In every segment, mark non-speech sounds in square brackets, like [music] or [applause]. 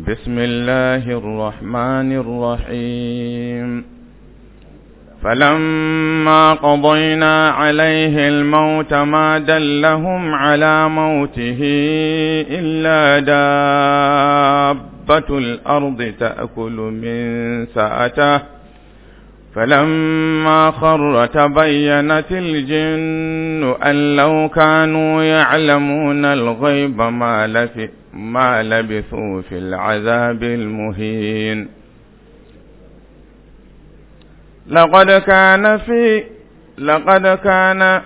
بسم الله الرحمن الرحيم فلما قضينا عليه الموت ما دلهم على موته إلا دابة الأرض تأكل من سأته فلما خر تبينت الجن أن لو كانوا يعلمون الغيب ما لفئ ما لبثوا في العذاب المهين لقد كان في لقد كان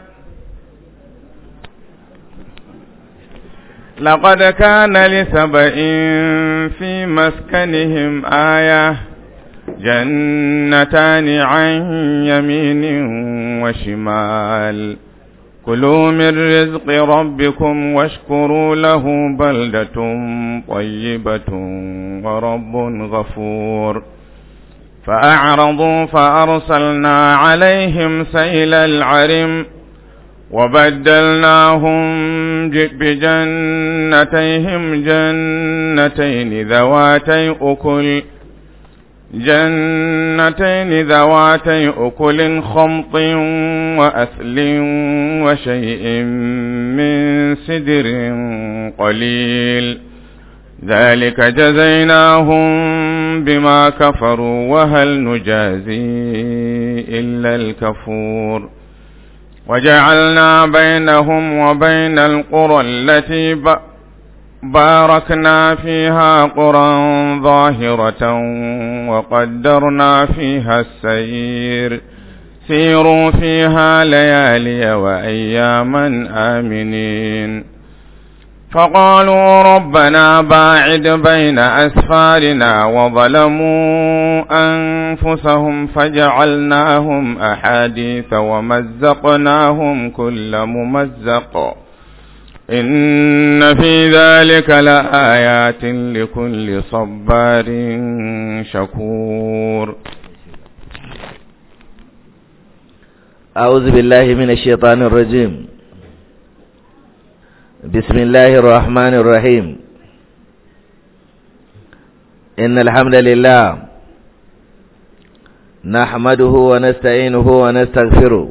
لقد كان لسبع في مسكنهم آية جنتان عن يمين وشمال كلوا من رزق ربكم واشكروا له بلدة طيبة ورب غفور فأعرضوا فأرسلنا عليهم سيل العرم وبدلناهم بجنتيهم جنتين ذواتي أكل جنتين ذواتي أكل خمط وأثل وشيء من سدر قليل ذلك جزيناهم بما كفروا وهل نجازي إلا الكفور وجعلنا بينهم وبين القرى التي بأ باركنا فيها قرى ظاهرة وقدرنا فيها السير سيروا فيها ليالي وأياما آمنين فقالوا ربنا باعد بين أسفارنا وظلموا أنفسهم فجعلناهم أحاديث ومزقناهم كل ممزق إن في ذلك لآيات لكل صبار شكور أعوذ بالله من الشيطان الرجيم بسم الله الرحمن الرحيم إن الحمد لله نحمده ونستعينه ونستغفره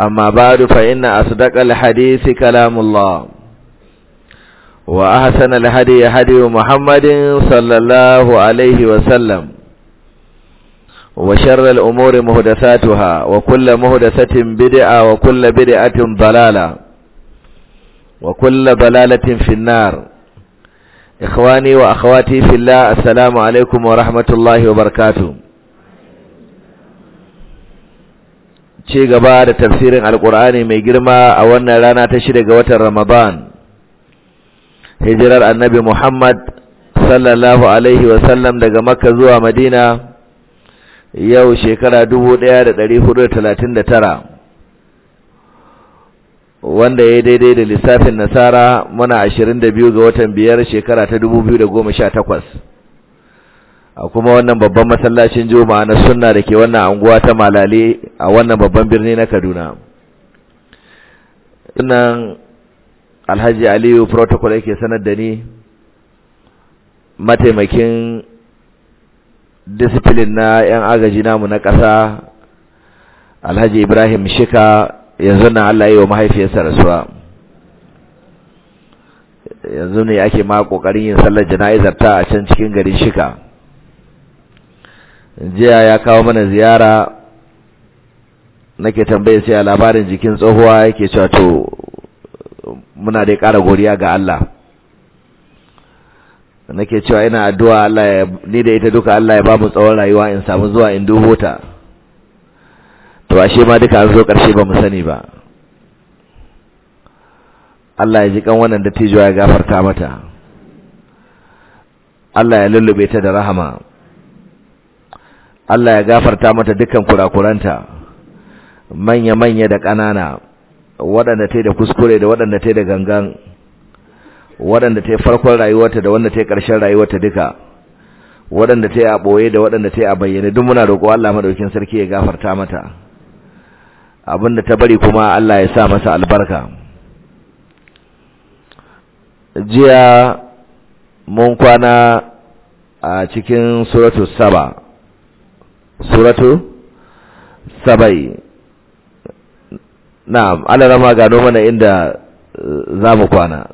أما بعد فإن أصدق الحديث كلام الله وأحسن الهدي هدي محمد صلى الله عليه وسلم وشر الأمور مهدثاتها وكل مهدثة بدعة وكل بدعة ضلالة وكل بلالة في النار إخواني وأخواتي في الله السلام عليكم ورحمة الله وبركاته ci gaba da tafsirin alkur'ani mai girma a wannan rana ta shida ga watan ramadan hijirar annabi muhammad sallallahu alaihi wasallam daga makka zuwa madina yau shekara 1439 wanda ya daidai da lissafin nasara muna 22 ga watan biyar shekara ta 2018 a kuma wannan babban masallacin juma'a na sunna da ke wannan anguwa ta malale a wannan babban birni na kaduna sunan alhaji aliyu protocol yake sanar da ni mataimakin disiplin na 'yan agaji namu na ƙasa alhaji ibrahim shika yanzu na allah yi wa mahaifiyarsa rasuwa yanzu ne ake ma ƙoƙarin yin sallar jana'izar ta a can cikin garin shika jiya ya kawo mana ziyara nake tambaye sai a labarin jikin tsohuwa yake cewa to muna dai ƙara godiya ga Allah nake cewa ina addu'a Allah ya ni da ita duka Allah ya ba mu tsawon rayuwa in samu zuwa in dubo ta to ashe ma duka an zo karshe ba mu sani ba Allah ya ji kan wannan dattijuwa ya gafarta mata Allah ya lullube ta da rahama Allah ya gafarta mata dukkan kurakuranta manya-manya da ƙanana waɗanda ta da kuskure da waɗanda ta da gangan waɗanda ta farkon rayuwarta da wanda ta ƙarshen rayuwarta duka waɗanda ta yi a ɓoye da waɗanda ta yi a bayyane duk muna roƙo Allah maɗaukin sarki ya gafarta mata abin da ta bari kuma Allah ya sa masa albarka jiya mun kwana a cikin suratul saba suratu sabai na'am ala rama gano mana inda za mu kwana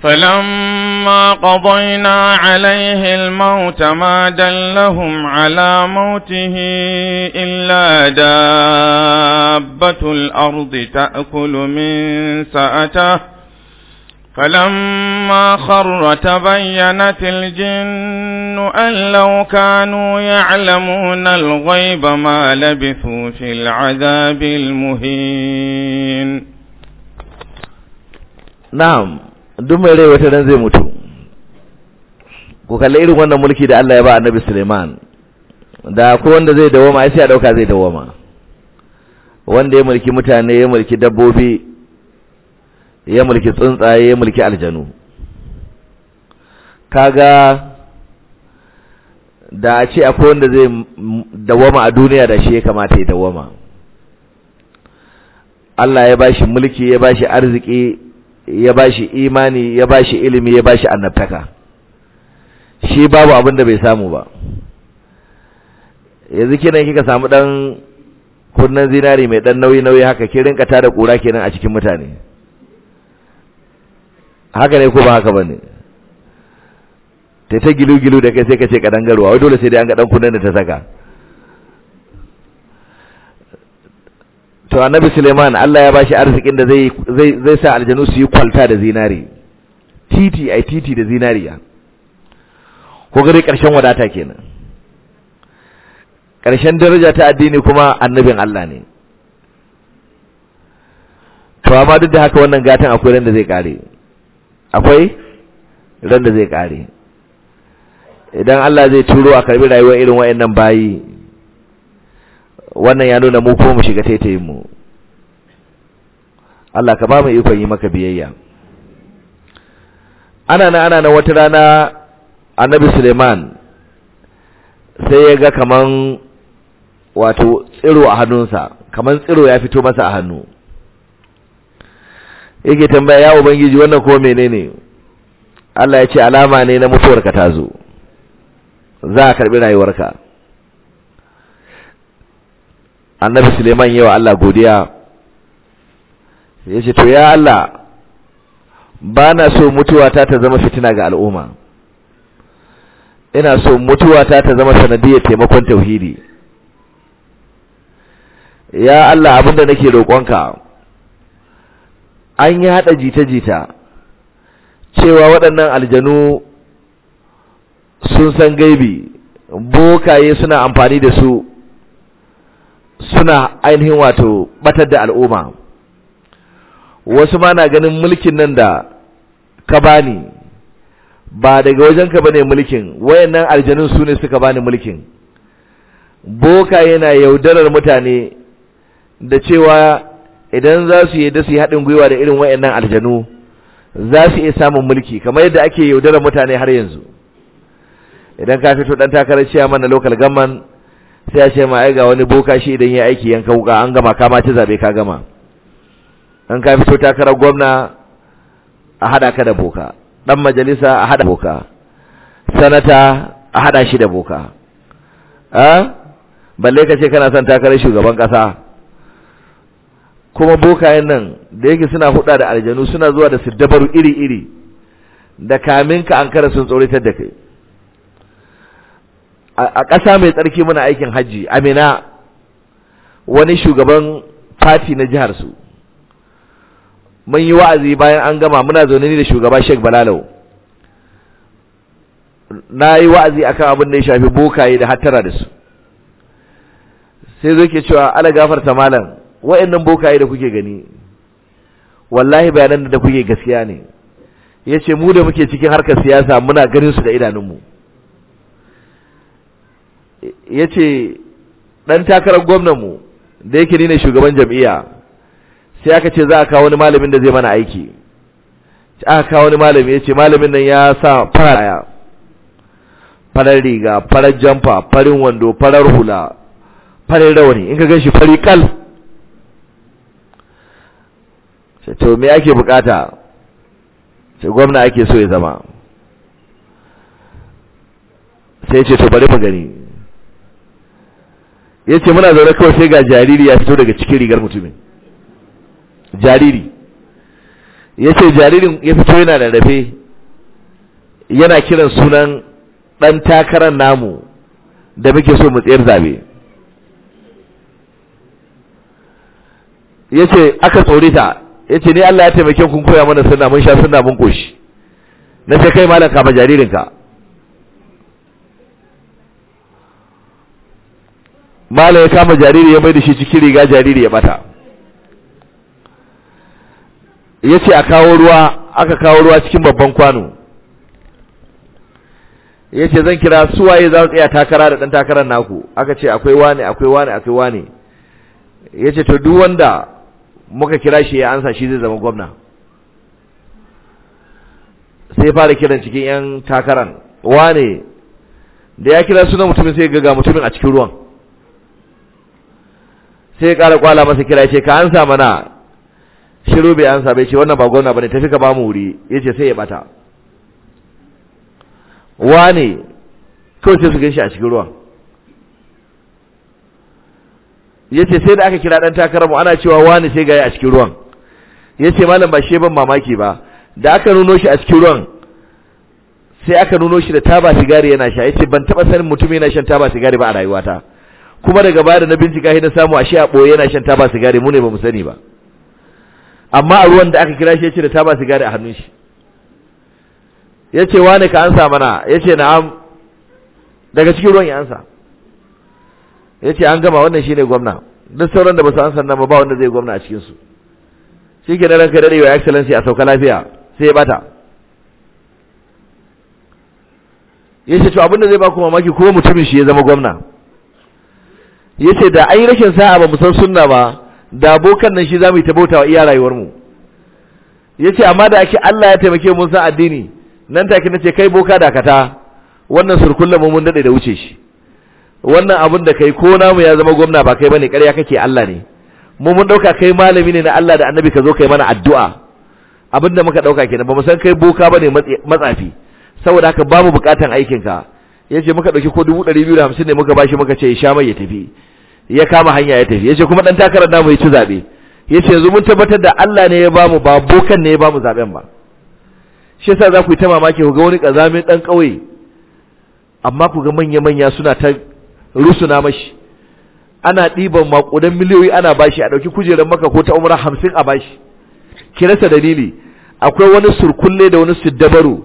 فلما قضينا عليه الموت ما دلهم على موته إلا دابة الأرض تأكل من سأته فلما خر تبينت الجن أن لو كانوا يعلمون الغيب ما لبثوا في العذاب المهين نعم دم rai wata ran zai mutu ku kalli irin wannan mulki da Allah ya ba Annabi Suleiman da ko wanda zai dawoma sai ya dauka zai dawoma wanda ya mulki mutane ya mulki dabbobi ya mulki tsuntsaye ya mulki aljanu kaga da a ce akwai wanda zai dawama a duniya da shi ya kamata ya dawama Allah ya bashi mulki ya bashi arziki ya bashi imani ya bashi ilimi ya bashi annabtaka shi babu abin da bai samu ba yanzu kenan kika samu dan kunnan zinari mai dan nauyi nauyi haka ki rinka tada kura kenan a cikin mutane haka ne ko ba haka bane ta ta gilu gilu da kai sai ka ce ka dangarwa wai dole sai dai an ga dan kunan da ta saka to annabi Suleiman Allah ya bashi arzikin da zai zai zai sa aljanu su yi kwalta da zinari titi ai titi da zinariya ko gare karshen wadata kenan karshen daraja ta addini kuma annabin Allah ne to amma duk da haka wannan gatan akwai ran da zai kare akwai ran da zai kare idan Allah zai turo a karbi rayuwar irin wa'annan bayi wannan ya nuna mu ko mu shiga taitayin mu Allah ka ba mu ikon yi maka biyayya ana nan ana na wata rana Annabi Suleiman sai ya ga kaman wato tsiro a hannunsa kaman tsiro ya fito masa a hannu yake tambaya ya ubangiji wannan ko menene Allah ya ce alama ne na mutuwarka ta zo za a karbi rayuwarka annabi suleiman yawa Allah godiya ya ce to ya Allah ba na so mutuwata ta zama fitina ga al'umma ina so mutuwata ta zama sanadiyar taimakon tauhidi ya Allah abinda nake roƙonka an yi haɗa jita-jita cewa waɗannan aljanu sun san gaibi bokaye suna amfani da su suna ainihin wato batar da al'umma wasu ma na ganin mulkin nan da ka bani ba daga wajenka ba ne mulkin wayannan aljanun su ne suka bani mulkin bokaye na yaudarar mutane da cewa idan za su da su yi haɗin gwiwa da irin wayannan aljanu za su iya samun mulki kamar yadda ake yaudara mutane har yanzu idan ka fito dan takarar ciya mana local government sai a ce ma ai ga wani boka shi idan ya aiki yanka wuka an gama kama ci zabe ka gama an ka fito takarar gwamna a hada ka da boka dan majalisa a hada boka sanata a hada shi da boka a ah? balle ka ce kana son takarar shugaban kasa kuma bokayen nan da yake suna huda da aljanu suna zuwa da su iri-iri da kamin ka an kara sun tsoratar da kai a ƙasa mai tsarki muna aikin hajji amina wani shugaban fati na jihar su mun yi wa'azi bayan an gama muna zaune ne da shugaba shek Balalau na yi wa'azi akan abin da ya shafi bokaye da hattara da su sai zo ke cewa ala gafarta malam wa'annan bokaye da kuke gani wallahi bayanan da kuke gaskiya ne yace mu da muke cikin harkar siyasa muna ganin su da idanunmu yace dan takarar mu da yake ni ne shugaban jam'iyya sai aka ce za a kawo wani malamin da zai mana aiki aka kawo wani malami yace malamin nan ya sa faraya farar riga farar jamfa farin wando farar hula farin rawani in ka gan shi fari kal to me ake bukata ce gwamna ake so ya zama sai ce to bari mu gani ya ce muna zaune kawai sai ga jariri ya fito daga cikin rigar mutumin jariri ya ce jaririn ya fito yana da rafe yana kiran sunan ɗan takarar namu da muke so mu tsayar zabe ya ce aka tsore yace ni Allah ya taimake kun koya mana sunna mun sha sunna mun koshi na ce kai malam kafa jaririnka malam ya kama jariri ya mai da shi cikin riga jariri ya bata ya ce a kawo ruwa aka kawo ruwa cikin babban kwano ya ce zan kira suwaye za su tsaya takara da ɗan takarar naku aka ce akwai wane akwai wane akwai wane ya ce to duk wanda muka kira shi ya ansa shi zai zama gwamna sai fara kiran cikin 'yan takaran wane da ya kira suna mutumin sai ga mutumin a cikin ruwan sai ya ƙara kwala masa kira ce ka ansa mana shiru bai ansa bai ce wannan ba gwamna bane tafi ka ba mu wuri yace sai ya bata wane kawai sai su gan shi a cikin ruwan yace sai da aka kira dan takarar mu ana cewa wani sai gaya a cikin ruwan yace malam ba shi ban mamaki ba da aka nuno shi a cikin ruwan sai aka nuno shi da taba sigari yana sha yace ban taba sanin mutum yana shan taba sigari ba a rayuwata kuma daga baya da na bincika shi na samu a shi a boye yana shan taba sigari mu ne bamu sani ba amma a ruwan da aka kira shi yace da taba sigari a hannun shi yace wani ka ansa mana yace na'am daga cikin ruwan ya ansa ya ce an gama wannan shine gwamna duk sauran da ba su an ba ba wanda zai gwamna a cikinsu shi ke na ranka daɗe wa excellency a sauka lafiya sai ya bata ya ce to abinda zai ba kuma mamaki ko mutumin shi ya zama gwamna ya ce da ai rashin sa'a ba mu san sunna ba da abokan nan shi za mu yi ta bautawa iya rayuwarmu ya ce amma da ake Allah ya taimake mun san addini nan take na ce kai boka dakata wannan surkullan mu mun daɗe da wuce shi wannan abin da kai ko namu ya zama gwamna ba kai bane ƙarya kake Allah ne mu mun dauka kai malami ne na Allah da annabi ka zo kai mana addu'a abin da muka dauka kenan ba mu san kai boka bane matsafi saboda haka ba bukatan aikin ka yace muka dauki ko 250 ne muka bashi muka ce ya sha mai ya tafi ya kama hanya ya tafi yace kuma dan takarar namu ya ci zabe yace yanzu mun tabbatar da Allah ne ya bamu ba bokan ne ya bamu zaben ba shi yasa za ku yi ta mamaki ku ga wani kazamin dan kauye amma ku ga manya-manya suna ta rusuna mashi ana ɗiban makudan miliyoyi ana bashi a ɗauki kujerar maka ko ta umra hamsin a bashi ki rasa dalili akwai wani surkulle da wani siddabaru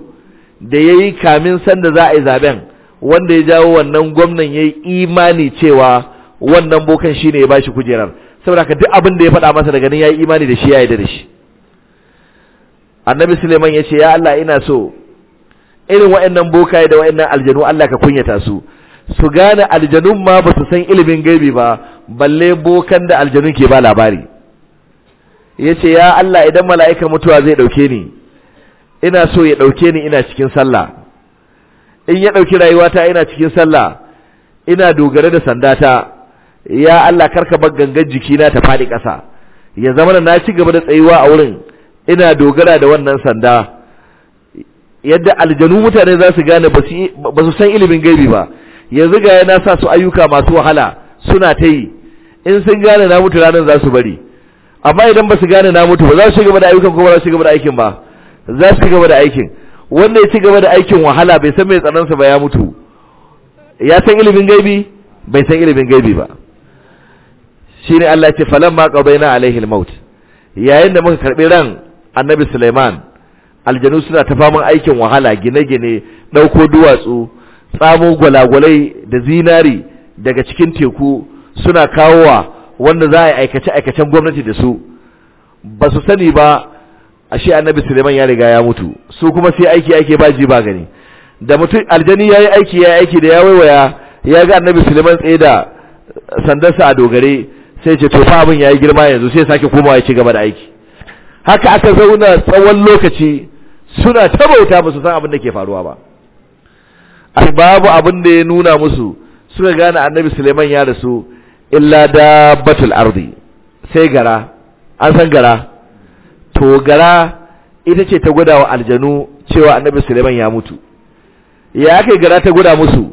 da ya yi kamin sanda za a yi zaben wanda ya jawo wannan gwamnan ya imani cewa wannan bokan shi ne ya bashi kujerar saboda ka duk abin da ya faɗa masa daga nan ya yi imani da shi ya yi da shi annabi suleiman ya ce ya allah ina so irin wa'annan bokaye da wa'annan aljanu allah ka kunyata su su gane aljanun ma ba su san ilimin gaibi ba balle bokan da aljanun ke ba labari ya ce ya Allah idan mala'ika mutuwa zai ɗauke ni ina so ya ɗauke ni ina cikin sallah in ya ɗauki rayuwata ina cikin sallah ina dogare da sandata ya Allah karka bar gangan jikina ta faɗi ƙasa ya zama na ci gaba da tsayuwa a wurin ina dogara da wannan sanda yadda aljanu mutane za su gane ba su san ilimin gaibi ba yanzu ga yana sa su ayyuka masu wahala suna ta yi in sun gane na mutu ranar za su bari amma idan ba su gane na mutu ba za su gaba da ayyukan ko ba za su gaba da aikin ba za su gaba da aikin wanda ya ci gaba da aikin wahala bai san mai tsanansa ba ya mutu ya san ilimin gaibi bai san ilimin gaibi ba shine Allah ce ma qabaina alaihi almaut yayin da muka karbi ran annabi Sulaiman aljanu suna ta faman aikin wahala gine-gine dauko duwatsu tsamo gwalagwalai da zinari daga cikin teku suna kawowa wanda za a yi aikace-aikacen gwamnati da su ba su sani ba a shi annabi suleiman ya riga ya mutu su kuma sai aiki ake ji ba gani da mutum aljani ya yi aiki ya yi aiki da ya waiwaya ya ga annabi suleiman tsaye da sandarsa a dogare sai ce to abin ya yi girma yanzu sai sake komawa ya ci gaba da aiki haka aka zauna tsawon lokaci suna ta bauta ba su san abin da ke faruwa ba ai babu abin da ya nuna musu suka gane annabi Suleiman ya rasu illa da batul ardi sai gara an san gara to gara ita ce ta gwada wa aljanu cewa annabi Suleiman ya mutu ya kai gara ta gwada musu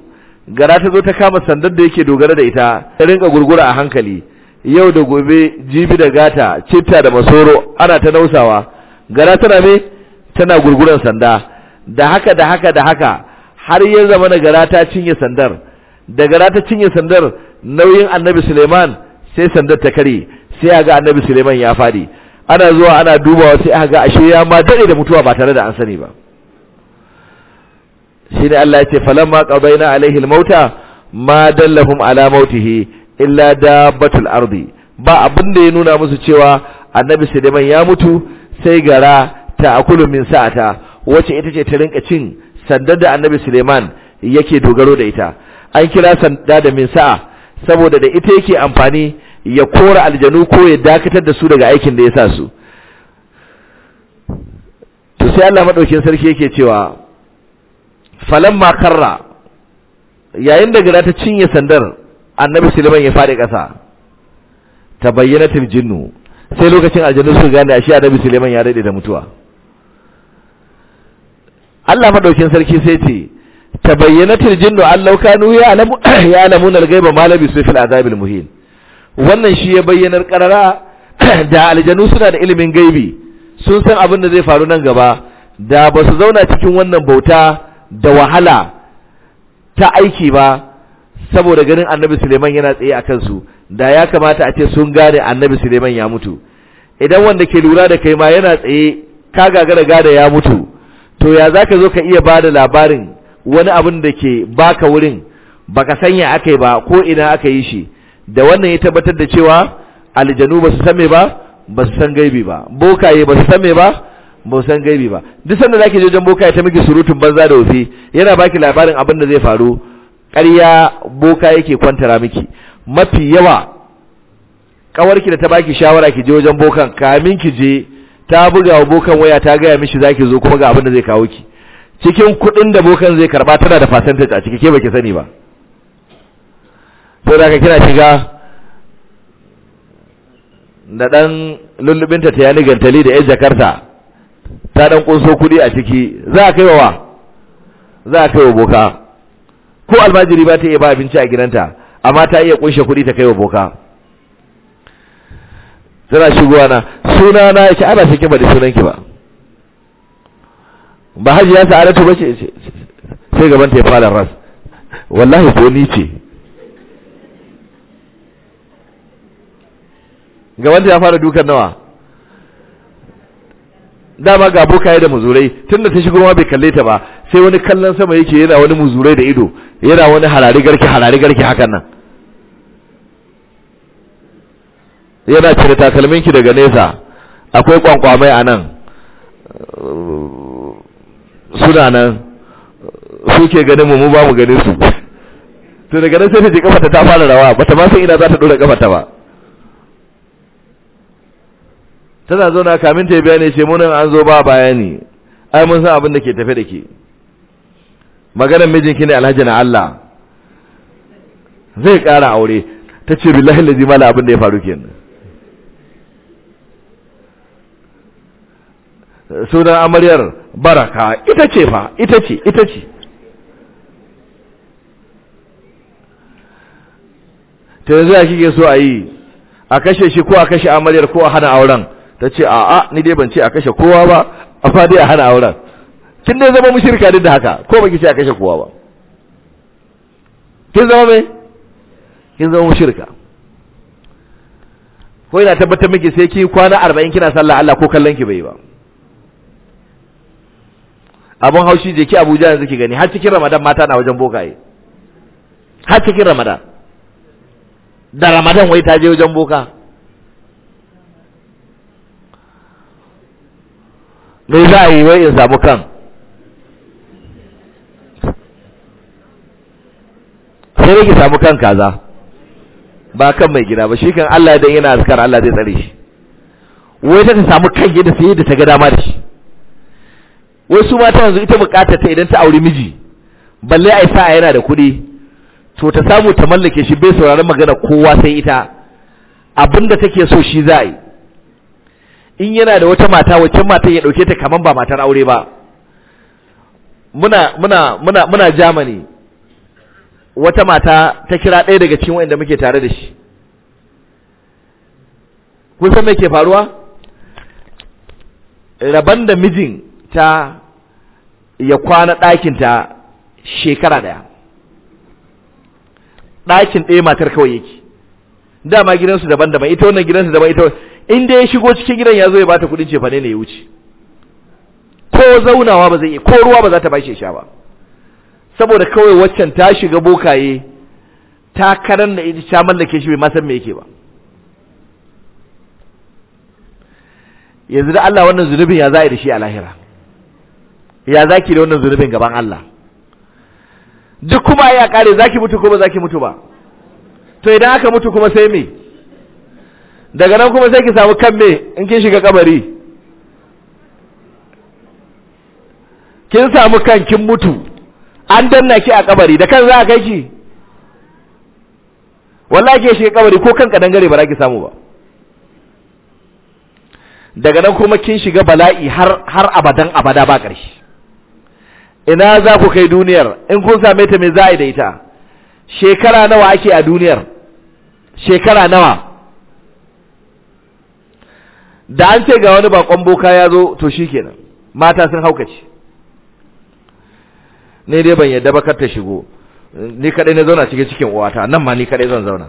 gara ta zo ta kama sandar da yake dogara da ita ta rinka gurgura a hankali yau da gobe jibi da gata citta da masoro ana ta nausawa gara tana me tana gurguran sanda da haka da haka da haka har ya zama na gara ta cinye sandar da gara ta cinye sandar nauyin annabi suleiman sai sandar ta kare sai a ga annabi suleiman ya fadi ana zuwa ana dubawa sai a ga ashe ya ma dare da mutuwa ba tare da an sani ba shi ne Allah ya ce falamma qadaina alaihi almauta ma dallahum ala mautihi illa dabbatul ardi ba abin da ya nuna musu cewa annabi suleiman ya mutu sai gara ta akulu min sa'ata wacce ita ce ta rinka cin sandar da annabi Suleiman yake dogaro da ita an kira sanda da min sa'a saboda da ita yake amfani ya kora aljanu ko ya dakatar da su daga aikin da ya sa su to sai Allah madaukin sarki yake cewa falamma karra yayin da gara ta cinye sandar annabi Suleiman ya fadi ƙasa bayyana jinnu sai lokacin aljanu suka gane ashe annabi Suleiman ya daɗe da mutuwa Allah madaukin sarki sai ce tabayyanatil jinnu allau kanu ya [clears throat] ya'lamuna al gaiba malabi su fil azabil muhin wannan shi ya bayyanar karara [clears throat] da aljanu suna da ilimin gaibi sun san abin da zai faru nan gaba da ba su zauna cikin wannan bauta da wahala ta aiki ba saboda ganin annabi suleiman yana tsaye a kansu da ya kamata a ce sun gane annabi suleiman ya mutu idan wanda ke lura da kai ma yana tsaye ka gagara gada ya mutu to ya za ka zo ka iya ba da labarin wani abin da ke baka wurin baka sanya akai ba ko ina aka yi shi da wannan ya tabbatar da cewa aljanu ba su san ba ba su san gaibi ba bokaye ba su san ba ba su san gaibi ba duk sanda za ki je wajen bokaye ta miki surutun banza da wofi yana baki labarin abin da zai faru ƙarya boka yake kwantara miki mafi yawa kawarki da ta baki shawara ki je wajen bokan kamin ki je ta buga wa bokan waya ta gaya mishi zaki zo kuma ga abin da zai kawo ki cikin kuɗin da bokan zai karba tana da percentage a ciki ke baki sani ba da ka kina shiga da ɗan lullubinta ta yani gantali da yan jakarta ta ɗan ƙunso kuɗi a ciki za a kai wa za a kai wa boka ko almajiri ba ta iya ba abinci a gidanta amma ta iya ƙunshe kuɗi ta kai wa boka zana shigowa na suna na yake ana sake ba da sunan ki ba ba haji ya sa'ada to bace sai gaban ta ya fara ras wallahi ko ni ce gaban ta ya fara dukan nawa dama ga bokaye da muzurai tunda ta shigo ma bai kalle ta ba sai wani kallon sama yake yana wani muzurai da ido yana wani harari garki harari garki hakan nan yana cire ki daga nesa akwai kwankwamai a nan suna nan suke ganin mu ba mu ganin su to daga nan sai ta je kafarta ta fara rawa bata ma san ina za ta dora kafarta ba tana zauna kamin ta yi bayani ce munan an zo ba bayani ai mun san abin da ke tafe da ke maganar mijinki ne alhaji na Allah zai kara aure ta ce billahi lazima la abin da ya faru kenan sunan amaryar baraka ita ce fa ita ce ita ce ta yanzu ya kike so a yi a kashe shi ko a kashe amaryar ko a hana auren ta ce a a ni dai ban ce a kashe kowa ba a fadi a hana auren kin dai zama mushirka duk da haka ko baki ce a kashe kowa ba kin zama me kin zama mushirka ko ina tabbatar miki sai ki kwana 40 kina sallah Allah ko kallon ki bai ba abun haushi je ki Abuja yanzu ki gani har cikin Ramadan mata na wajen bokaye har cikin Ramadan da Ramadan wai ta je wajen boka me za a yi wai in samu kan sai dai ki samu kan kaza ba kan mai gida ba shi kan Allah dan yana askar Allah zai tsare shi wai ta samu kan yadda sai da ta ga dama da shi wai su mata yanzu ita bukatar ta idan ta auri miji balle ai sa yana da kuɗi to ta samu ta mallake shi bai sauraron magana kowa sai ita abinda take so shi za yi in yana da wata mata wacce mata ya dauke ta kaman ba matar aure ba muna muna muna muna Germany wata mata ta kira ɗaya daga cikin wanda muke tare da shi kun san me ke faruwa raban da mijin ta ya kwana ɗakinta shekara ɗaya ɗakin ɗaya matar kawai yake dama gidansu daban-daban ita wannan gidansu daban ita in dai ya shigo cikin gidan ya zo ya bata kuɗin cefane ne ya wuce ko zaunawa ba zai iya ko ruwa ba za ta ba ya sha ba saboda kawai waccan ta shiga bokaye ta karan da ita ta mallake shi bai ma san me yake ba yanzu da Allah wannan zunubin ya za'a da shi a lahira ya zaki da wannan zunubin gaban Allah duk kuma ya kare zaki mutu ko ba zaki mutu ba to idan aka mutu kuma sai me daga nan kuma sai ki samu kan me in kin shiga kabari kin samu kan kin mutu an danna ki a kabari da kan za a kai ki wallahi ke shiga kabari ko kan gare ba za ki samu ba daga nan kuma kin shiga bala'i har har abadan abada ba ƙarshe ina za ku kai duniyar in kun same ta me za a da ita shekara nawa ake a duniyar shekara nawa da an ce ga wani bakon boka ya zo to shi kenan mata sun haukace ne dai ban yadda bakar ta shigo ni kadai na zauna cikin cikin uwata nan ma ni kadai zan zauna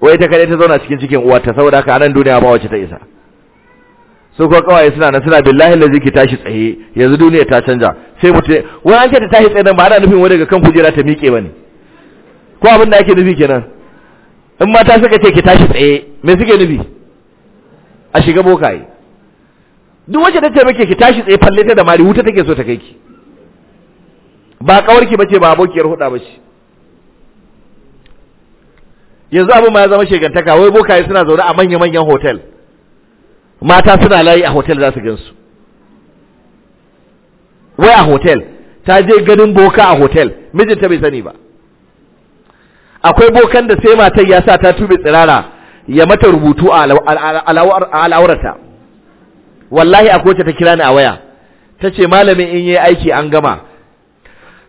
wai ta kaɗai ta zauna cikin cikin uwata saboda haka anan duniya ba wacce ta isa su ko kawai suna nan suna billahi lazi ki tashi tsaye yanzu duniya ta canja sai mutum wai an ce ta tashi tsaye nan ba ana nufin wani daga kan kujera ta miƙe bane ko abin da ake nufi kenan in mata suka ce ki tashi tsaye me suke nufi a shiga bokaye duk wacce ta ce muke ki tashi tsaye falle ta da mari wuta take so ta kai ki ba kawarki bace ba abokiyar huda ce yanzu abin ma ya zama shegantaka wai bokaye suna zaune a manya-manyan hotel mata suna layi a hotel za su gansu wai a hotel ta je ganin boka a hotel mijinta bai sani ba akwai bokan da sai matar ya sa ta tube tsirara ya mata rubutu a al'aurata wallahi a akwai ta kira ni a waya ta ce malamin in yi aiki an gama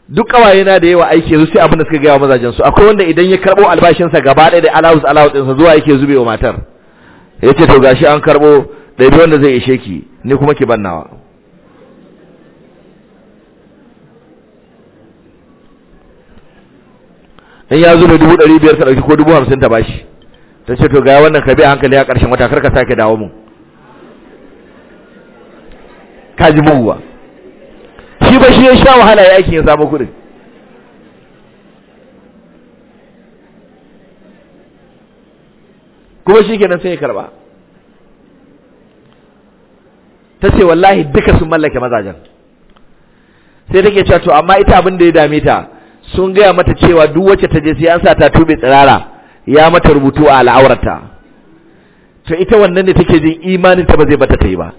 duk kawaye na da yawa aiki yanzu sai abin da suka gaya wa mazajen su akwai wanda idan ya karbo albashinsa gaba ɗaya da alawus alawus ɗinsa zuwa yake zube wa matar ya ce to gashi an karbo ɗabi wanda zai ishe ki ni kuma ki bannawa in ya zuba dubu ɗari biyar ta ɗauki ko dubu hamsin ta bashi ta ce to ga wannan ka bi hankali a ƙarshen wata karka sake dawo mu ka ji muguwa shi ba shi ya sha wahala ya aikin ya samu kuɗin kuma shi kenan sai ya karba ta ce wallahi duka sun mallake mazajen sai take cewa to amma ita abin da ya dame ta sun gaya mata cewa duk wacce ta je sai an sa ta tube tsirara ya mata rubutu a al'aurata to ita wannan ne take jin imanin ta ba zai bata ta yi ba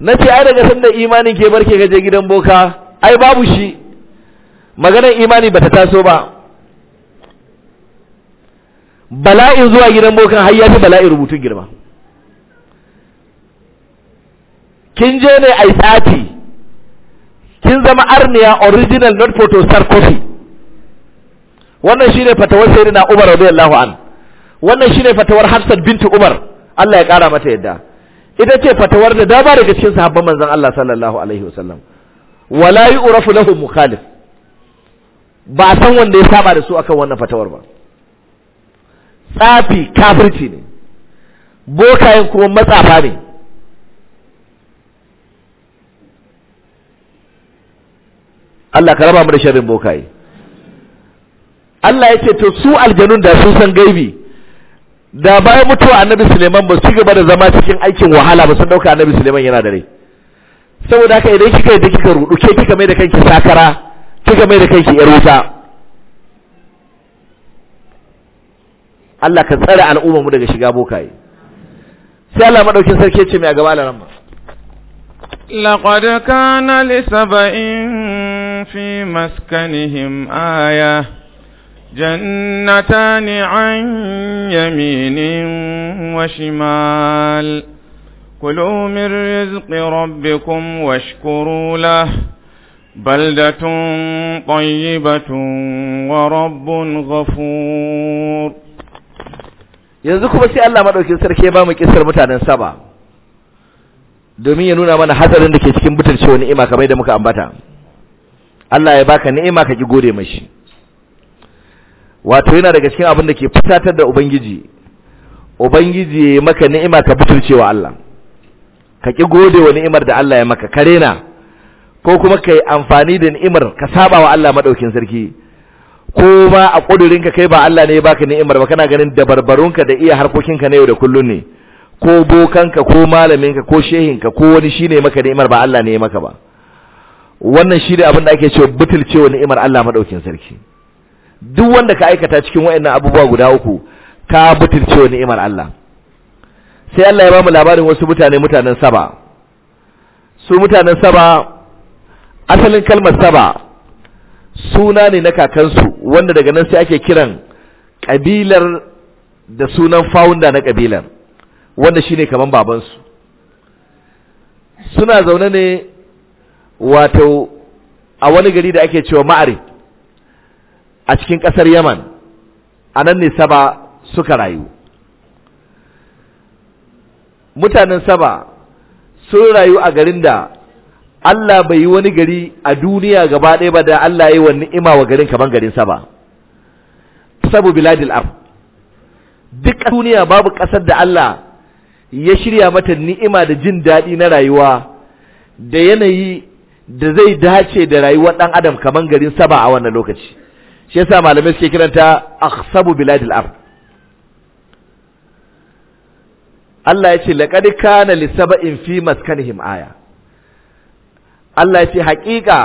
na ce ai daga sanda imanin ke barke ka je gidan boka ai babu shi maganar imani bata taso ba bala'in zuwa gidan bokan har ya fi bala'in rubutun girma kin je ne a tsaki kin zama arniya original not photo sarkozy wannan shi ne fatawar na Umar yallahu an wannan shi ne fatawar Hafsat bintu Umar Allah ya kara mata yadda ita ce fatawar da dama daga cikin sahabban manzon Allah sallallahu alaihi wasallam wala yu'rafu lahu mukhalif ba san wanda ya saba da su akan wannan fatawar ba tsafi kafirci ne bokayen kuma matsafa ne Allah ka raba mu da sharrin bokaye Allah ya ce to su aljanun da sun san gaibi da bayan mutuwa annabi Suleiman ba su gaba da zama cikin aikin wahala ba sun dauka annabi Suleiman yana da rai saboda haka idan kika yi kika rudu ke kika mai da kanki sakara kika mai da kanki yar wuta Allah ka tsare al'ummar mu daga shiga bokaye sai Allah madaukin sarki ya ce mai a gaba ran ma laqad kana li لهم في مسكنهم آية جنتان عن يمين وشمال كلوا من رزق ربكم واشكروا له بلدة طيبة ورب غفور yanzu kuma sai Allah madaukin sarki ya bamu kisar mutanen Saba domin ya nuna mana hatsarin da ke cikin butulcewa ni'ima kamar da muka ambata Allah ya baka ni'ima ka ki gode mashi wato yana daga cikin abin da ke fitatar da ubangiji ubangiji ya maka ni'ima ka wa Allah ka ki gode wa ni'imar da Allah ya maka karena ko kuma ka yi amfani da ni'imar ka saba wa Allah madaukin sarki ko ba a ka kai ba Allah ne ya baka ni'imar ba kana ganin dabarbarunka da iya harkokin ka na yau da kullun ne ko bokanka ko malaminka ko shehinka ko wani shine maka ni'imar ba Allah ne ya maka ba wannan shi ne abin da ake cewa butulcewa ni'imar Allah madaukin sarki duk wanda ka aikata cikin waɗannan abubuwa guda uku ka butulcewa ni'imar Allah sai Allah ya ba mu labarin wasu mutane mutanen saba su mutanen saba asalin kalmar saba suna ne na kakansu wanda daga nan sai ake kiran kabilar da sunan fawunda na kabilar wanda shine kaman babansu suna zaune ne wato a wani gari da ake cewa ma'ari a cikin ƙasar yaman a nan ne saba suka rayu mutanen saba sun rayu a garin da Allah bai yi wani gari a duniya gaba ɗaya ba da Allah ya yi wa ni'ima wa garin kamar garin saba sabu biladil ar duk duniya babu ƙasar da Allah ya shirya mata ni'ima da jin daɗi na rayuwa da yanayi da zai dace da rayuwar ɗan adam kaman garin saba a wannan lokaci shi yasa malamai suke kiranta akhsabu biladil ard Allah ya ce laqad kana lisaba'in fi maskanihim aya Allah ya ce haƙiƙa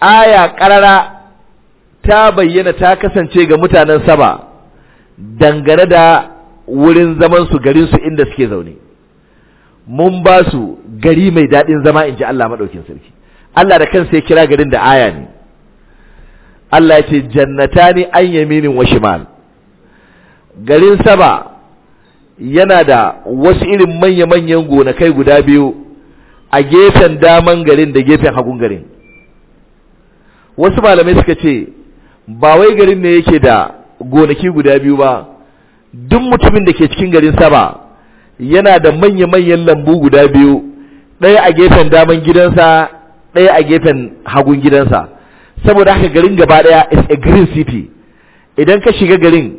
aya ƙarara ta bayyana ta kasance ga mutanen saba dangare da wurin zaman su garin su inda suke zaune mun ba su gari mai daɗin zama in ji Allah maɗaukin sarki Allah da kansa ya kira garin da aya ne Allah ya ce jannatani an yaminin wa shimal garin saba yana da wasu irin manya-manyan gonakai guda biyu a gefen daman garin da gefen hagun garin wasu malamai suka ce ba wai garin ne yake da gonaki guda biyu ba duk mutumin da ke cikin garin saba yana da manya-manyan lambu guda biyu ɗaya a gefen daman gidansa ɗaya a gefen hagun gidansa saboda haka garin gaba ɗaya is a green city idan ka shiga garin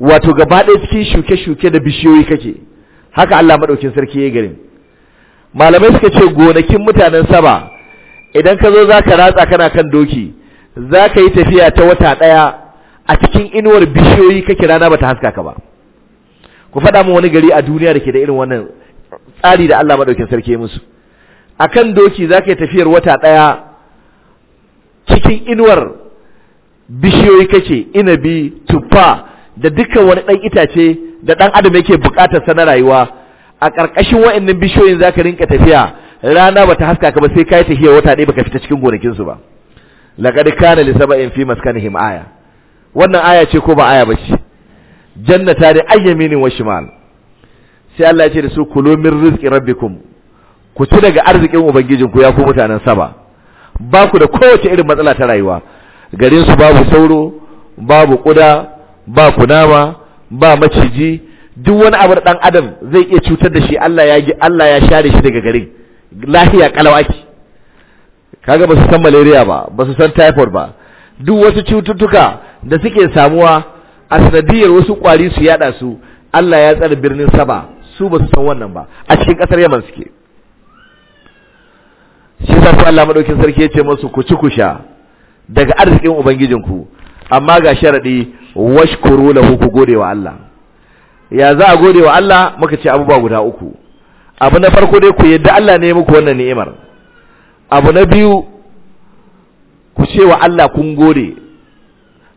wato gaba ɗaya cikin shuke-shuke da bishiyoyi kake haka Allah maɗaukin sarki ya garin malamai suka ce gonakin mutanen saba idan ka zo za ka ratsa kana kan doki za ka yi tafiya ta wata ɗaya a cikin inuwar bishiyoyi kake rana ba ta haska ka ba ku faɗa mu wani gari a duniya da ke da irin wannan tsari da Allah maɗaukin sarki ya musu akan doki za ka yi tafiyar wata ɗaya cikin inuwar bishiyoyi kake inabi tuffa da dukkan wani ɗan itace da ɗan adam yake buƙatar sana rayuwa a ƙarƙashin wa'annan bishiyoyin za ka rinka tafiya rana ba ta haska ka ba sai ka yi tafiyar wata ɗaya baka fita cikin gonakinsu ba laqad kana li in fi maskanihim aya wannan aya ce ko ba aya ba ce jannata da ayyaminin wa shimal sai Allah ya ce da su kulomin min rizqi rabbikum ku ci daga arzikin ubangijinku ya ku mutanen saba ba ku da kowace irin matsala ta rayuwa garin su babu sauro babu kuda ba kunama ba maciji duk wani abu dan adam zai iya cutar da shi Allah ya Allah ya share shi daga garin lafiya kalawaki kaga ba su san malaria ba ba su san typhoid ba duk wasu cututtuka da suke samuwa a sanadiyar wasu kwari su yada su Allah ya tsare birnin Saba su ba su san wannan ba a cikin kasar Yaman suke shi zafi Allah maɗaukin sarki ya ce masu ku ci ku sha daga arzikin ubangijinku amma ga sharadi washkuru lahu ku gode wa Allah ya za a gode wa Allah muka ce abubuwa guda uku abu na farko dai ku yadda Allah ne muku wannan ni'imar abu na biyu ku ce wa Allah kun gode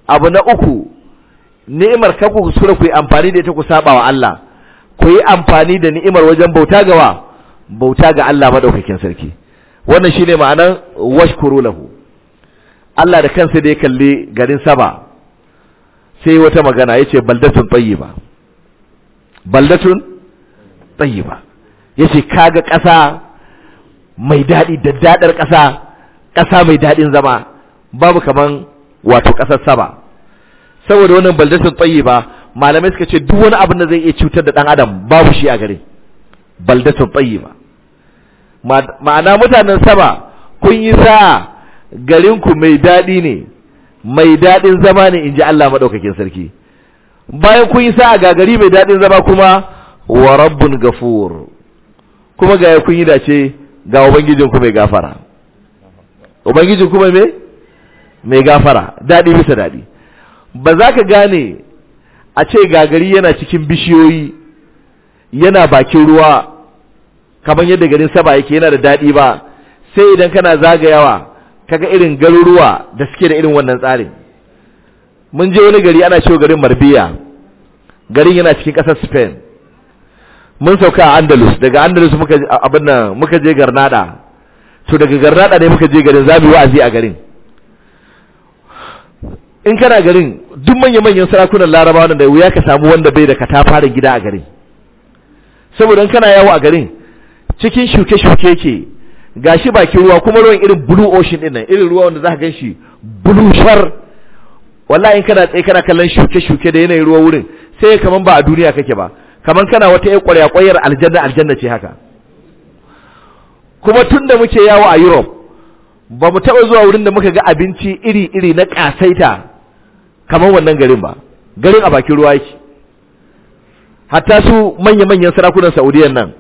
abu na uku ni'imar kanku ku sura ku yi amfani da ita ku saba wa Allah ku yi amfani da ni'imar wajen bauta gawa bauta ga Allah maɗaukakin sarki wannan shine ma'anan washkuru lahu Allah da kansa da ya kalli garin Saba sai wata magana yace baldatun tayyiba baldatun tayyiba yace kaga ƙasa mai daɗi da daɗar ƙasa ƙasa mai daɗin zama babu kaman wato ƙasar Saba saboda wannan baldatun tayyiba malamai suka ce duk wani abin da zai iya cutar da ɗan adam babu shi a garin baldatun tayyiba ma'ana mutanen sama kun yi sa'a garinku mai daɗi ne mai daɗin zama ne in ji Allah maɗaukakin sarki bayan kun yi sa'a ga gari mai daɗin zama kuma wa rabbun gafur kuma ga kun yi dace ga ubangijinku mai gafara ubangijinku mai me mai gafara daɗi bisa daɗi ba za ka gane a ce gagari yana cikin bishiyoyi yana bakin ruwa kaman yadda garin saba yake yana da daɗi ba sai idan kana zagayawa kaga irin garuruwa da suke da irin wannan tsarin mun je wani gari ana cewa garin marbiya garin yana cikin ƙasar spain mun sauka a andalus daga andalus muka abin nan muka je garnada to daga garnada ne muka je garin zabi wa'azi a garin in kana garin duk manya-manyan sarakunan larabawa da wuya ka samu wanda bai da katafaren gida a garin saboda in kana yawo a garin cikin shuke-shuke ke shi bakin ruwa kuma ruwan irin blue ocean din nan irin ruwa wanda za ka gan shi blue shar wallahi in kana tsaye kana kallon shuke-shuke da yanayin ruwa wurin sai kaman ba a duniya kake ba kaman kana wata yar ƙwarya ƙwayar aljanna aljanna ce haka kuma tunda muke yawo a Europe ba mu taɓa zuwa wurin da muka ga abinci iri-iri na ƙasaita kamar wannan garin ba garin a bakin ruwa yake hatta su manya-manyan sarakunan saudiyan nan